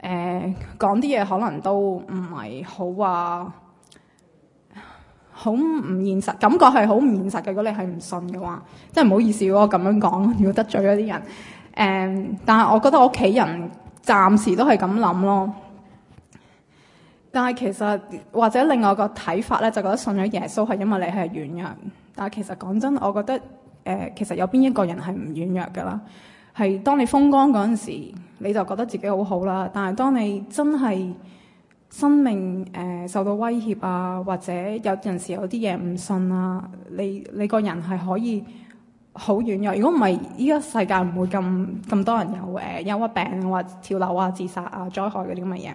誒講啲嘢可能都唔係好啊，好唔現實，感覺係好唔現實嘅。如果你係唔信嘅話，真係唔好意思喎我咁樣講，如果得罪咗啲人，誒、呃，但係我覺得我屋企人暫時都係咁諗咯。但係其實或者另外個睇法咧，就覺得信咗耶穌係因為你係軟弱。但係其實講真，我覺得。誒，其實有邊一個人係唔軟弱噶啦？係當你風光嗰陣時，你就覺得自己好好啦。但係當你真係生命誒、呃、受到威脅啊，或者有陣時有啲嘢唔信啊，你你個人係可以好軟弱。如果唔係，依家世界唔會咁咁多人有誒、呃、憂鬱病啊、或跳樓啊、自殺啊、災害嗰啲咁嘅嘢。誒、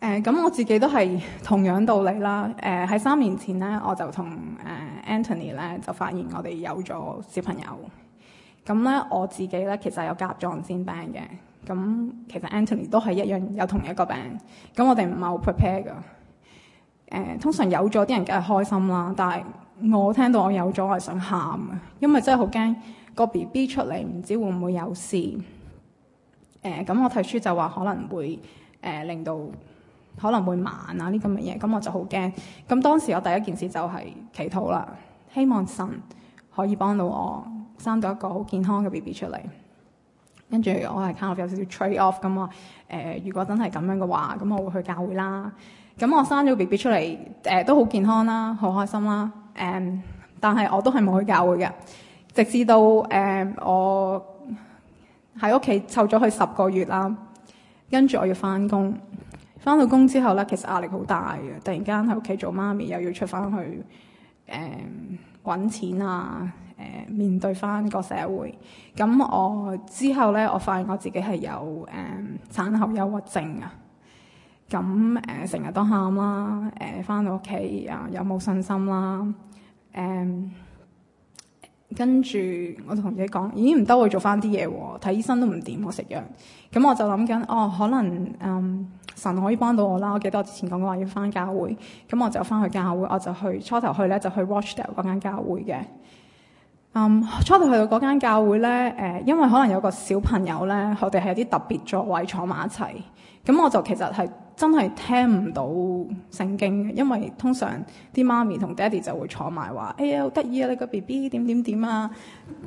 呃，咁我自己都係同樣道理啦。誒、呃，喺三年前咧，我就同誒。呃 Anthony 咧就發現我哋有咗小朋友，咁咧我自己咧其實有甲狀腺病嘅，咁其實 Anthony 都係一樣有同一個病，咁我哋唔係好 prepare 嘅，通常有咗啲人梗係開心啦，但係我聽到我有咗，我係我想喊啊，因為真係好驚個 BB 出嚟唔知會唔會有事，誒、呃、咁我睇書就話可能會誒、呃、令到，可能會慢啊，呢咁嘅嘢，咁我就好驚。咁當時我第一件事就係祈禱啦，希望神可以幫到我生到一個好健康嘅 B B 出嚟。跟住我係 kind of 有少少 trade off 咁啊，誒、呃，如果真係咁樣嘅話，咁我會去教會啦。咁我生咗個 B B 出嚟，誒、呃、都好健康啦，好開心啦。誒、嗯，但係我都係冇去教會嘅，直至到誒、嗯、我喺屋企湊咗佢十個月啦。跟住我要翻工。翻到工之後咧，其實壓力好大嘅。突然間喺屋企做媽咪，又要出翻去誒揾、嗯、錢啊！誒、嗯、面對翻個社會，咁、嗯、我之後咧，我發現我自己係有誒、嗯、產後憂鬱症啊！咁誒成日都喊啦，誒、嗯、翻到屋企啊，有冇信心啦？誒、嗯。跟住我同自己講，咦唔得，我做翻啲嘢喎，睇醫生都唔掂，我食藥。咁我就諗緊，哦可能嗯神可以幫到我啦。我記得我之前講過話要翻教會，咁、嗯、我就翻去教會，我就去初頭去咧就去 Rochdale 嗰間教會嘅。嗯，初頭去到嗰間教會咧，誒、呃，因為可能有個小朋友咧，佢哋係有啲特別座位坐埋一齊，咁、嗯、我就其實係。真係聽唔到聖經，因為通常啲媽咪同爹哋就會坐埋話，哎呀，好得意啊！你個 B B 點點點啊！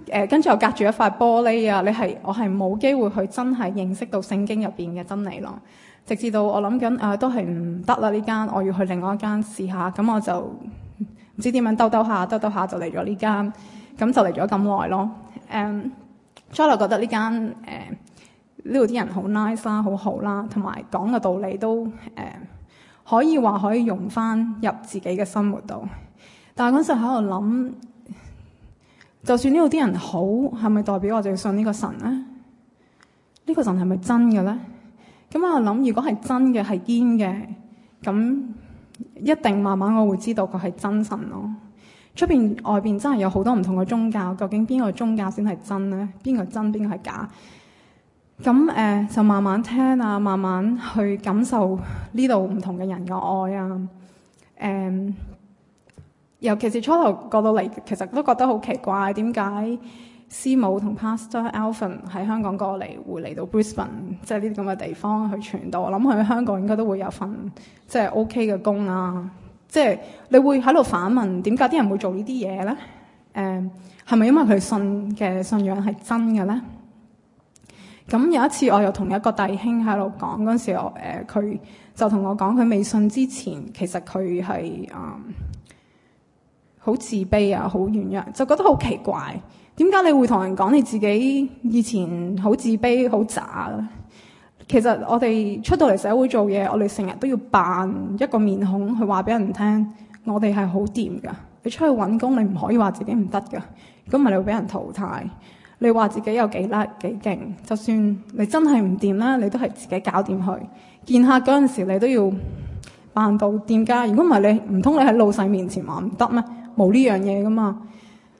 誒、呃，跟住又隔住一塊玻璃啊！你係我係冇機會去真係認識到聖經入邊嘅真理咯。直至到我諗緊啊，都係唔得啦！呢間我要去另外一間試下。咁我就唔知點樣兜兜下、兜兜下就嚟咗呢間。咁就嚟咗咁耐咯。誒、呃，初來覺得呢間誒。呃呢度啲人 nice，好 nice 啦，好好啦，同埋講嘅道理都誒、呃、可以話可以用翻入自己嘅生活度。但係嗰陣喺度諗，就算呢度啲人好，係咪代表我就要信呢個神咧？呢、這個神係咪真嘅咧？咁我諗，如果係真嘅係堅嘅，咁一定慢慢我會知道佢係真神咯。出邊外邊真係有好多唔同嘅宗教，究竟邊個宗教先係真咧？邊個真，邊個係假？咁誒、呃、就慢慢聽啊，慢慢去感受呢度唔同嘅人嘅愛啊！誒、呃，尤其是初頭過到嚟，其實都覺得好奇怪，點解師母同 Pastor Alvin 喺香港過嚟，會嚟到 Brisbane，即係呢啲咁嘅地方去傳道？我諗佢喺香港應該都會有份即係 OK 嘅工啦。即係、OK 啊、你會喺度反問，點解啲人會做呢啲嘢咧？誒、呃，係咪因為佢信嘅信仰係真嘅咧？咁有一次我又同一個弟兄喺度講嗰陣時我，呃、我佢就同我講佢未信之前，其實佢係啊好自卑啊，好軟弱，就覺得好奇怪，點解你會同人講你自己以前好自卑、好渣咧？其實我哋出到嚟社會做嘢，我哋成日都要扮一個面孔去話俾人聽，我哋係好掂噶。你出去揾工，你唔可以話自己唔得噶，咁咪你會俾人淘汰。你話自己有幾叻幾勁，就算你真係唔掂啦，你都係自己搞掂佢。見客嗰陣時，你都要扮到掂㗎。如果唔係，你唔通你喺老細面前話唔得咩？冇呢樣嘢噶嘛？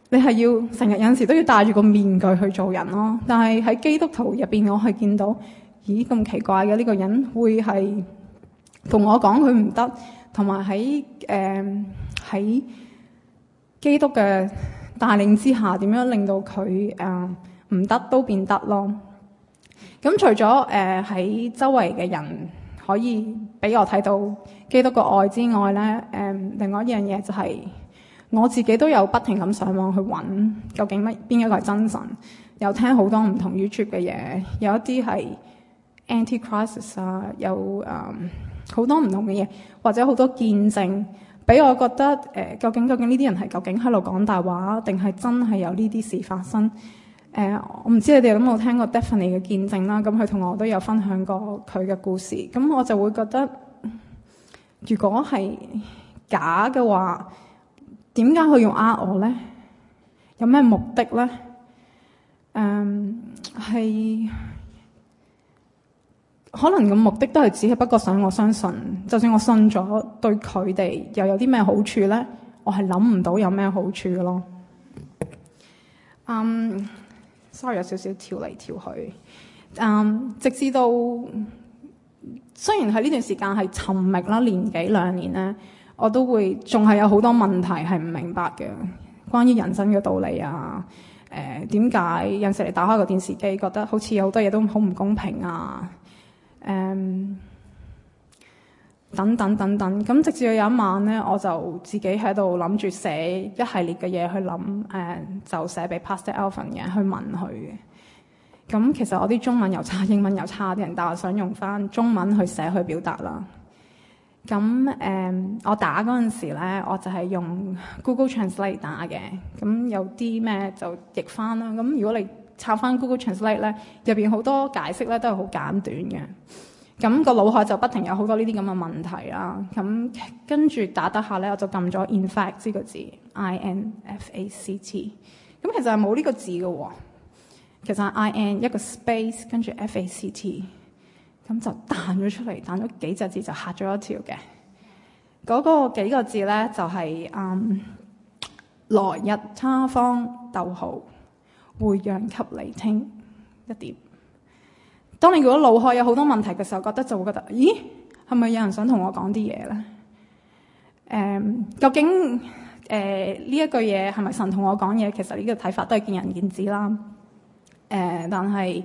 你係要成日有時都要戴住個面具去做人咯。但係喺基督徒入邊，我係見到，咦，咁奇怪嘅，呢個人會係同我講佢唔得，同埋喺誒喺基督嘅。帶領之下點樣令到佢誒唔得都變得咯？咁、嗯、除咗誒喺周圍嘅人可以俾我睇到基督個愛之外咧，誒、呃、另外一樣嘢就係、是、我自己都有不停咁上網去揾究竟乜邊一個係真神？有聽好多唔同 YouTube 嘅嘢，有一啲係 anti-crisis 啊，有誒好、呃、多唔同嘅嘢，或者好多見證。俾我覺得誒、呃，究竟究竟呢啲人係究竟喺度講大話，定係真係有呢啲事發生？誒、呃，我唔知你哋有冇聽過 Daphne 嘅見證啦。咁佢同我都有分享過佢嘅故事。咁、嗯、我就會覺得，如果係假嘅話，點解佢要呃我咧？有咩目的咧？誒、嗯，係。可能嘅目的都係只係不過想我相信。就算我信咗，對佢哋又有啲咩好處呢？我係諗唔到有咩好處咯。嗯、um,，sorry 有少少跳嚟跳去。嗯、um,，直至到雖然喺呢段時間係沉覓啦，年幾兩年咧，我都會仲係有好多問題係唔明白嘅，關於人生嘅道理啊。誒，點解有時你打開個電視機，覺得好似有好多嘢都好唔公平啊？誒、um,，等等等等，咁直至有一晚咧，我就自己喺度諗住寫一系列嘅嘢去諗，誒、uh, 就寫俾 Pastor Alvin 嘅，去問佢嘅。咁其實我啲中文又差，英文又差啲人，但我想用翻中文去寫去表達啦。咁誒，um, 我打嗰陣時咧，我就係用 Google Translate 打嘅。咁有啲咩就譯翻啦。咁如果你插翻 Google Translate 咧，入邊好多解釋咧都係好簡短嘅，咁、那個腦海就不停有好多呢啲咁嘅問題啦。咁跟住打得下咧，我就撳咗 in fact 呢個字，I N F A C T。咁其實係冇呢個字嘅喎，其實係 I N 一個 space 跟住 F A C T，咁就彈咗出嚟，彈咗幾隻字就嚇咗一跳嘅。嗰、那個幾個字咧就係、是、嗯來日他方逗號。會讓給你聽一點。當你如果腦海有好多問題嘅時候，覺得就會覺得，咦，係咪有人想同我講啲嘢咧？誒、嗯，究竟誒呢、呃、一句嘢係咪神同我講嘢？其實呢個睇法都係見仁見智啦。誒、嗯，但係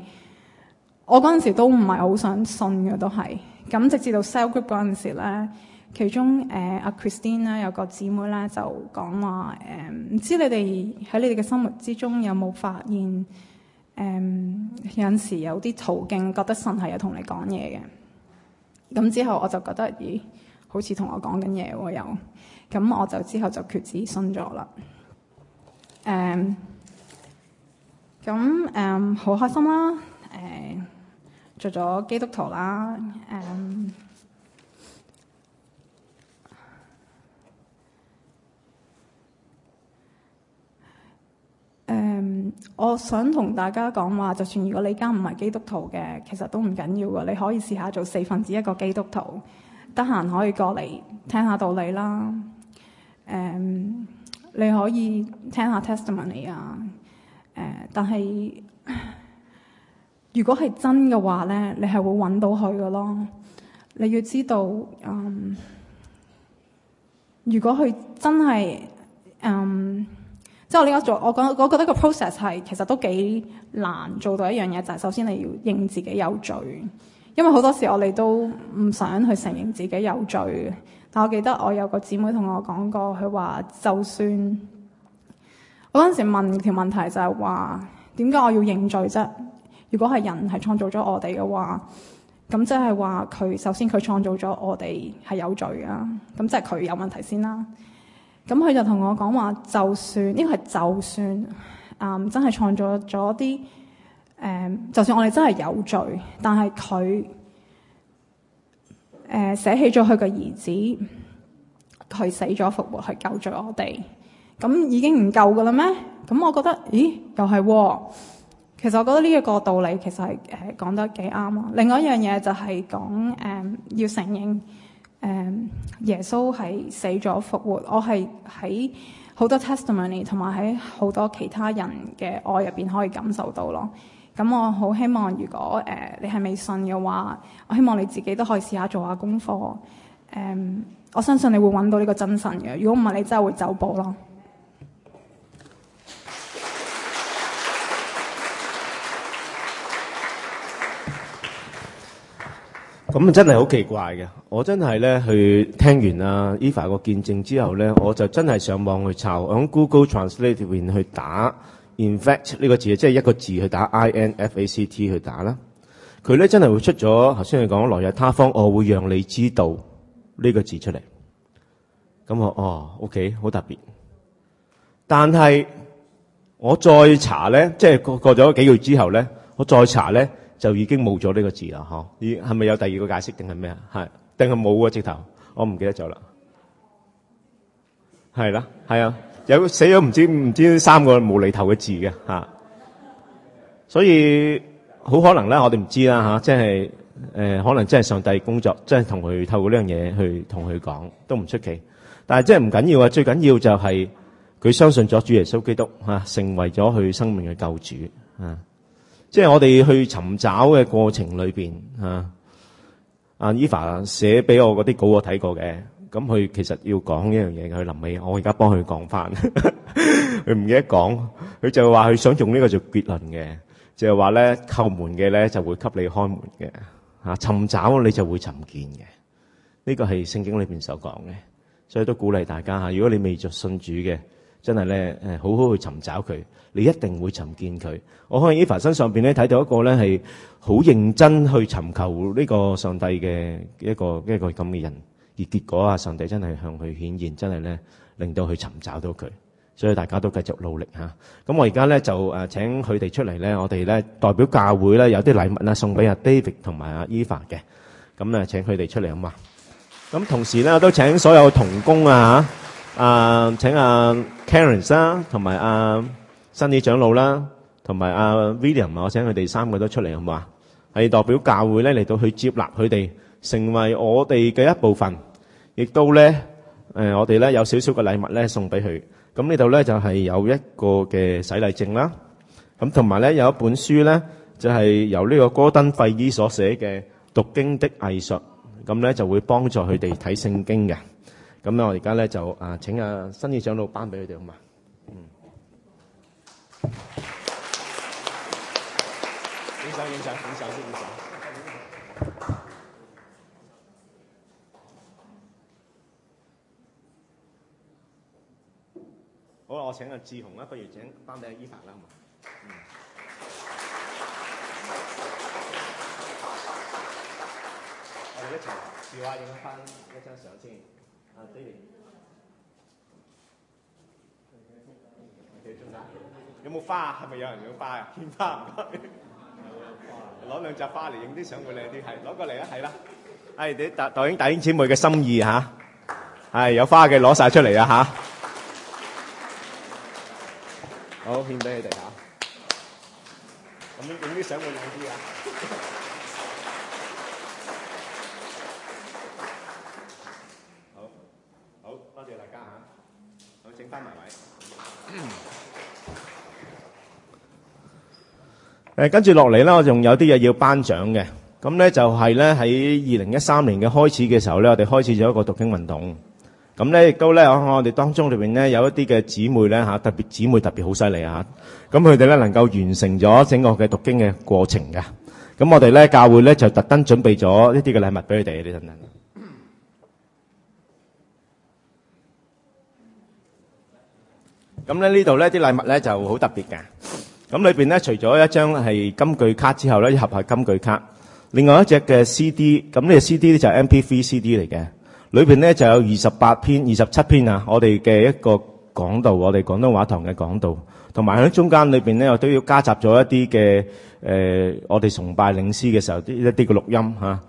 我嗰陣時都唔係好想信嘅，都係咁。直至到 cell group 嗰陣時咧。其中誒阿、呃、Christine 咧，有個姊妹咧，就講話，誒唔知你哋喺你哋嘅生活之中有冇發現誒、呃、有陣時有啲途徑覺得神係有同你講嘢嘅。咁之後我就覺得咦、呃、好似同我講緊嘢喎又，咁我就之後就決志信咗啦。誒咁誒好開心啦誒、呃、做咗基督徒啦誒。呃誒，um, 我想同大家講話，就算如果你而家唔係基督徒嘅，其實都唔緊要㗎，你可以試下做四分之一個基督徒，得閒可以過嚟聽下道理啦。誒，um，你可以聽下 testimony 啊。誒，但係如果係真嘅話咧，你係會搵到佢㗎咯。你要知道，嗯，如果佢真係，嗯。之後呢個做我講，我覺得個 process 係其實都幾難做到一樣嘢，就係、是、首先你要認自己有罪，因為好多時我哋都唔想去承認自己有罪。但我記得我有個姊妹同我講過，佢話就算我嗰陣時問條問題就係話點解我要認罪啫？如果係人係創造咗我哋嘅話，咁即係話佢首先佢創造咗我哋係有罪啊，咁即係佢有問題先啦。咁佢、嗯、就同我講話，就算呢個係就算，嗯，真係創造咗啲誒，就算我哋真係有罪，但係佢誒寫起咗佢個兒子，佢死咗復活去救咗我哋，咁、嗯、已經唔夠㗎喇咩？咁、嗯、我覺得，咦，又係，其實我覺得呢一個道理其實係誒、呃、講得幾啱啊。另外一樣嘢就係講誒、嗯、要承認。誒、um, 耶穌係死咗復活，我係喺好多 testimony 同埋喺好多其他人嘅愛入邊可以感受到咯。咁我好希望，如果誒、uh, 你係未信嘅話，我希望你自己都可以試下做下功課。誒、um，我相信你會揾到呢個真神嘅。如果唔係，你真係會走步咯。咁、嗯、真係好奇怪嘅，我真係咧去聽完啊 Eva 個見證之後咧，我就真係上網去查，響 Google Translate 入面去打 in fact 呢個字，即係一個字去打 i n f a c t 去打啦。佢咧真係會出咗頭先你講來日他方我會讓你知道呢個字出嚟。咁我哦，OK，好特別。但係我再查咧，即係過過咗幾個月之後咧，我再查咧。就已經冇咗呢個字啦，嗬、啊？係咪有第二個解釋定係咩啊？係定係冇啊？直頭，我唔記得咗啦。係啦，係啊，有死咗唔知唔知三個無厘頭嘅字嘅吓、啊，所以好可能咧，我哋唔知啦吓，即係誒，可能真係上帝工作，真係同佢透過呢樣嘢去同佢講，都唔出奇。但係真係唔緊要啊，最緊要就係佢相信咗主耶穌基督吓、啊，成為咗佢生命嘅救主啊。即係我哋去尋找嘅過程裏邊啊，啊 Eva 寫俾我嗰啲稿我睇過嘅，咁佢其實要講一樣嘢嘅，佢臨尾我而家幫佢講翻佢 唔記得講，佢就話佢想用呢個做結論嘅，就係話咧叩門嘅咧就會給你開門嘅，啊尋找你就會尋見嘅，呢個係聖經裏邊所講嘅，所以都鼓勵大家吓，如果你未著信主嘅。真係咧，誒，好好去尋找佢，你一定會尋見佢。我喺 Eva 身上邊咧睇到一個咧係好認真去尋求呢個上帝嘅一個一個咁嘅人，而結果啊，上帝真係向佢顯現，真係咧令到佢尋找到佢。所以大家都繼續努力嚇。咁我而家咧就誒請佢哋出嚟咧，我哋咧代表教會咧有啲禮物啦送俾阿 David 同埋阿 Eva 嘅。咁咧請佢哋出嚟啊嘛。咁同時咧都請所有同工啊嚇。啊，請阿 Karen 啦，同埋阿新宇長老啦，同埋阿 William，我請佢哋三個都出嚟，好唔好啊？係代表教會咧嚟到去接納佢哋，成為我哋嘅一部分，亦都咧誒，我哋咧有少少嘅禮物咧送俾佢。咁呢度咧就係有一個嘅洗禮證啦，咁同埋咧有一本書咧就係由呢個戈登費伊所寫嘅《讀經的藝術》，咁咧就會幫助佢哋睇聖經嘅。咁 mile 我而家咧就啊請阿新義長老頒俾佢哋好嘛？嗯。影相，影相，影相 itud abord noticing 好啦，我請阿志雄啦，不如請頒俾阿依達啦，好嘛？嗯。我哋一齊照下影翻一張相先。啊，對。有冇花？係咪有人攞花啊？獻花唔得。攞兩扎花嚟影啲相會靚啲，係攞過嚟啊，係啦。係啲大、大英、大英姊妹嘅心意嚇，係有花嘅攞曬出嚟啊嚇。好，獻俾你哋嚇。咁影啲相會靚啲啊！誒，跟住落嚟咧，我仲有啲嘢要頒獎嘅。咁咧就係咧喺二零一三年嘅開始嘅時候咧，我哋開始咗一個讀經運動。咁咧，亦都咧，我我哋當中裏邊咧有一啲嘅姊妹咧吓，特別姊妹特別好犀利吓。咁佢哋咧能夠完成咗整個嘅讀經嘅過程㗎。咁我哋咧教會咧就特登準備咗一啲嘅禮物俾佢哋。你等等。咁咧呢度咧啲禮物咧就好特別㗎。咁裏邊咧，除咗一張係金句卡之後咧，一盒係金句卡，另外一隻嘅 CD，咁呢個 CD 咧就係 MP3 CD 嚟嘅，裏邊咧就有二十八篇、二十七篇啊，我哋嘅一個講道，我哋廣東話堂嘅講道，同埋喺中間裏邊咧，我都要加雜咗一啲嘅，誒，我哋崇拜領師嘅時候啲一啲嘅錄音嚇，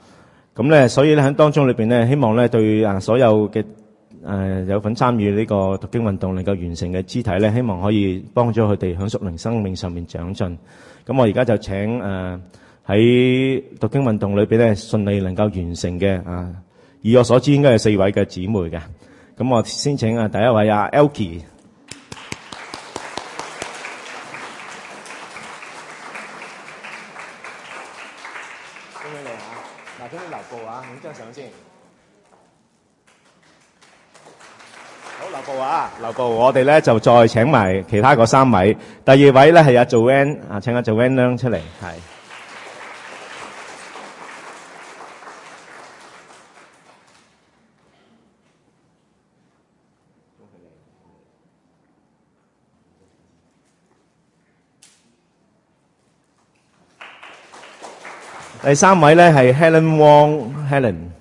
咁咧，所以咧喺當中裏邊咧，希望咧對啊所有嘅。誒、呃、有份參與呢個讀經運動能夠完成嘅肢體咧，希望可以幫助佢哋喺屬靈生命上面長進。咁、嗯、我而家就請誒喺、呃、讀經運動裏邊咧順利能夠完成嘅啊、呃，以我所知應該係四位嘅姊妹嘅。咁、嗯、我先請啊第一位啊 Elke。El 我哋咧就再請埋其他嗰三位。第二位咧係阿 Joanne，啊請阿 Joanne 出嚟。係。第三位咧係 Helen Wong，Helen。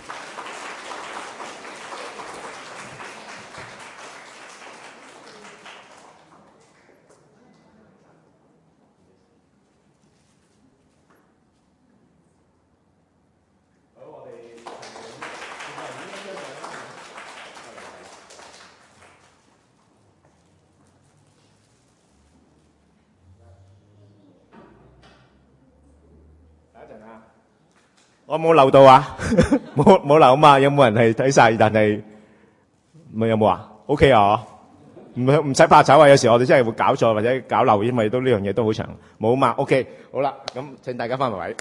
我冇漏到啊，冇冇漏啊嘛？有冇人係睇曬？但係咪有冇啊？OK 啊？唔唔使怕醜啊！有時候我哋真係會搞錯或者搞漏，因為都呢樣嘢都好長。冇啊嘛？OK。好啦，咁請大家翻埋位。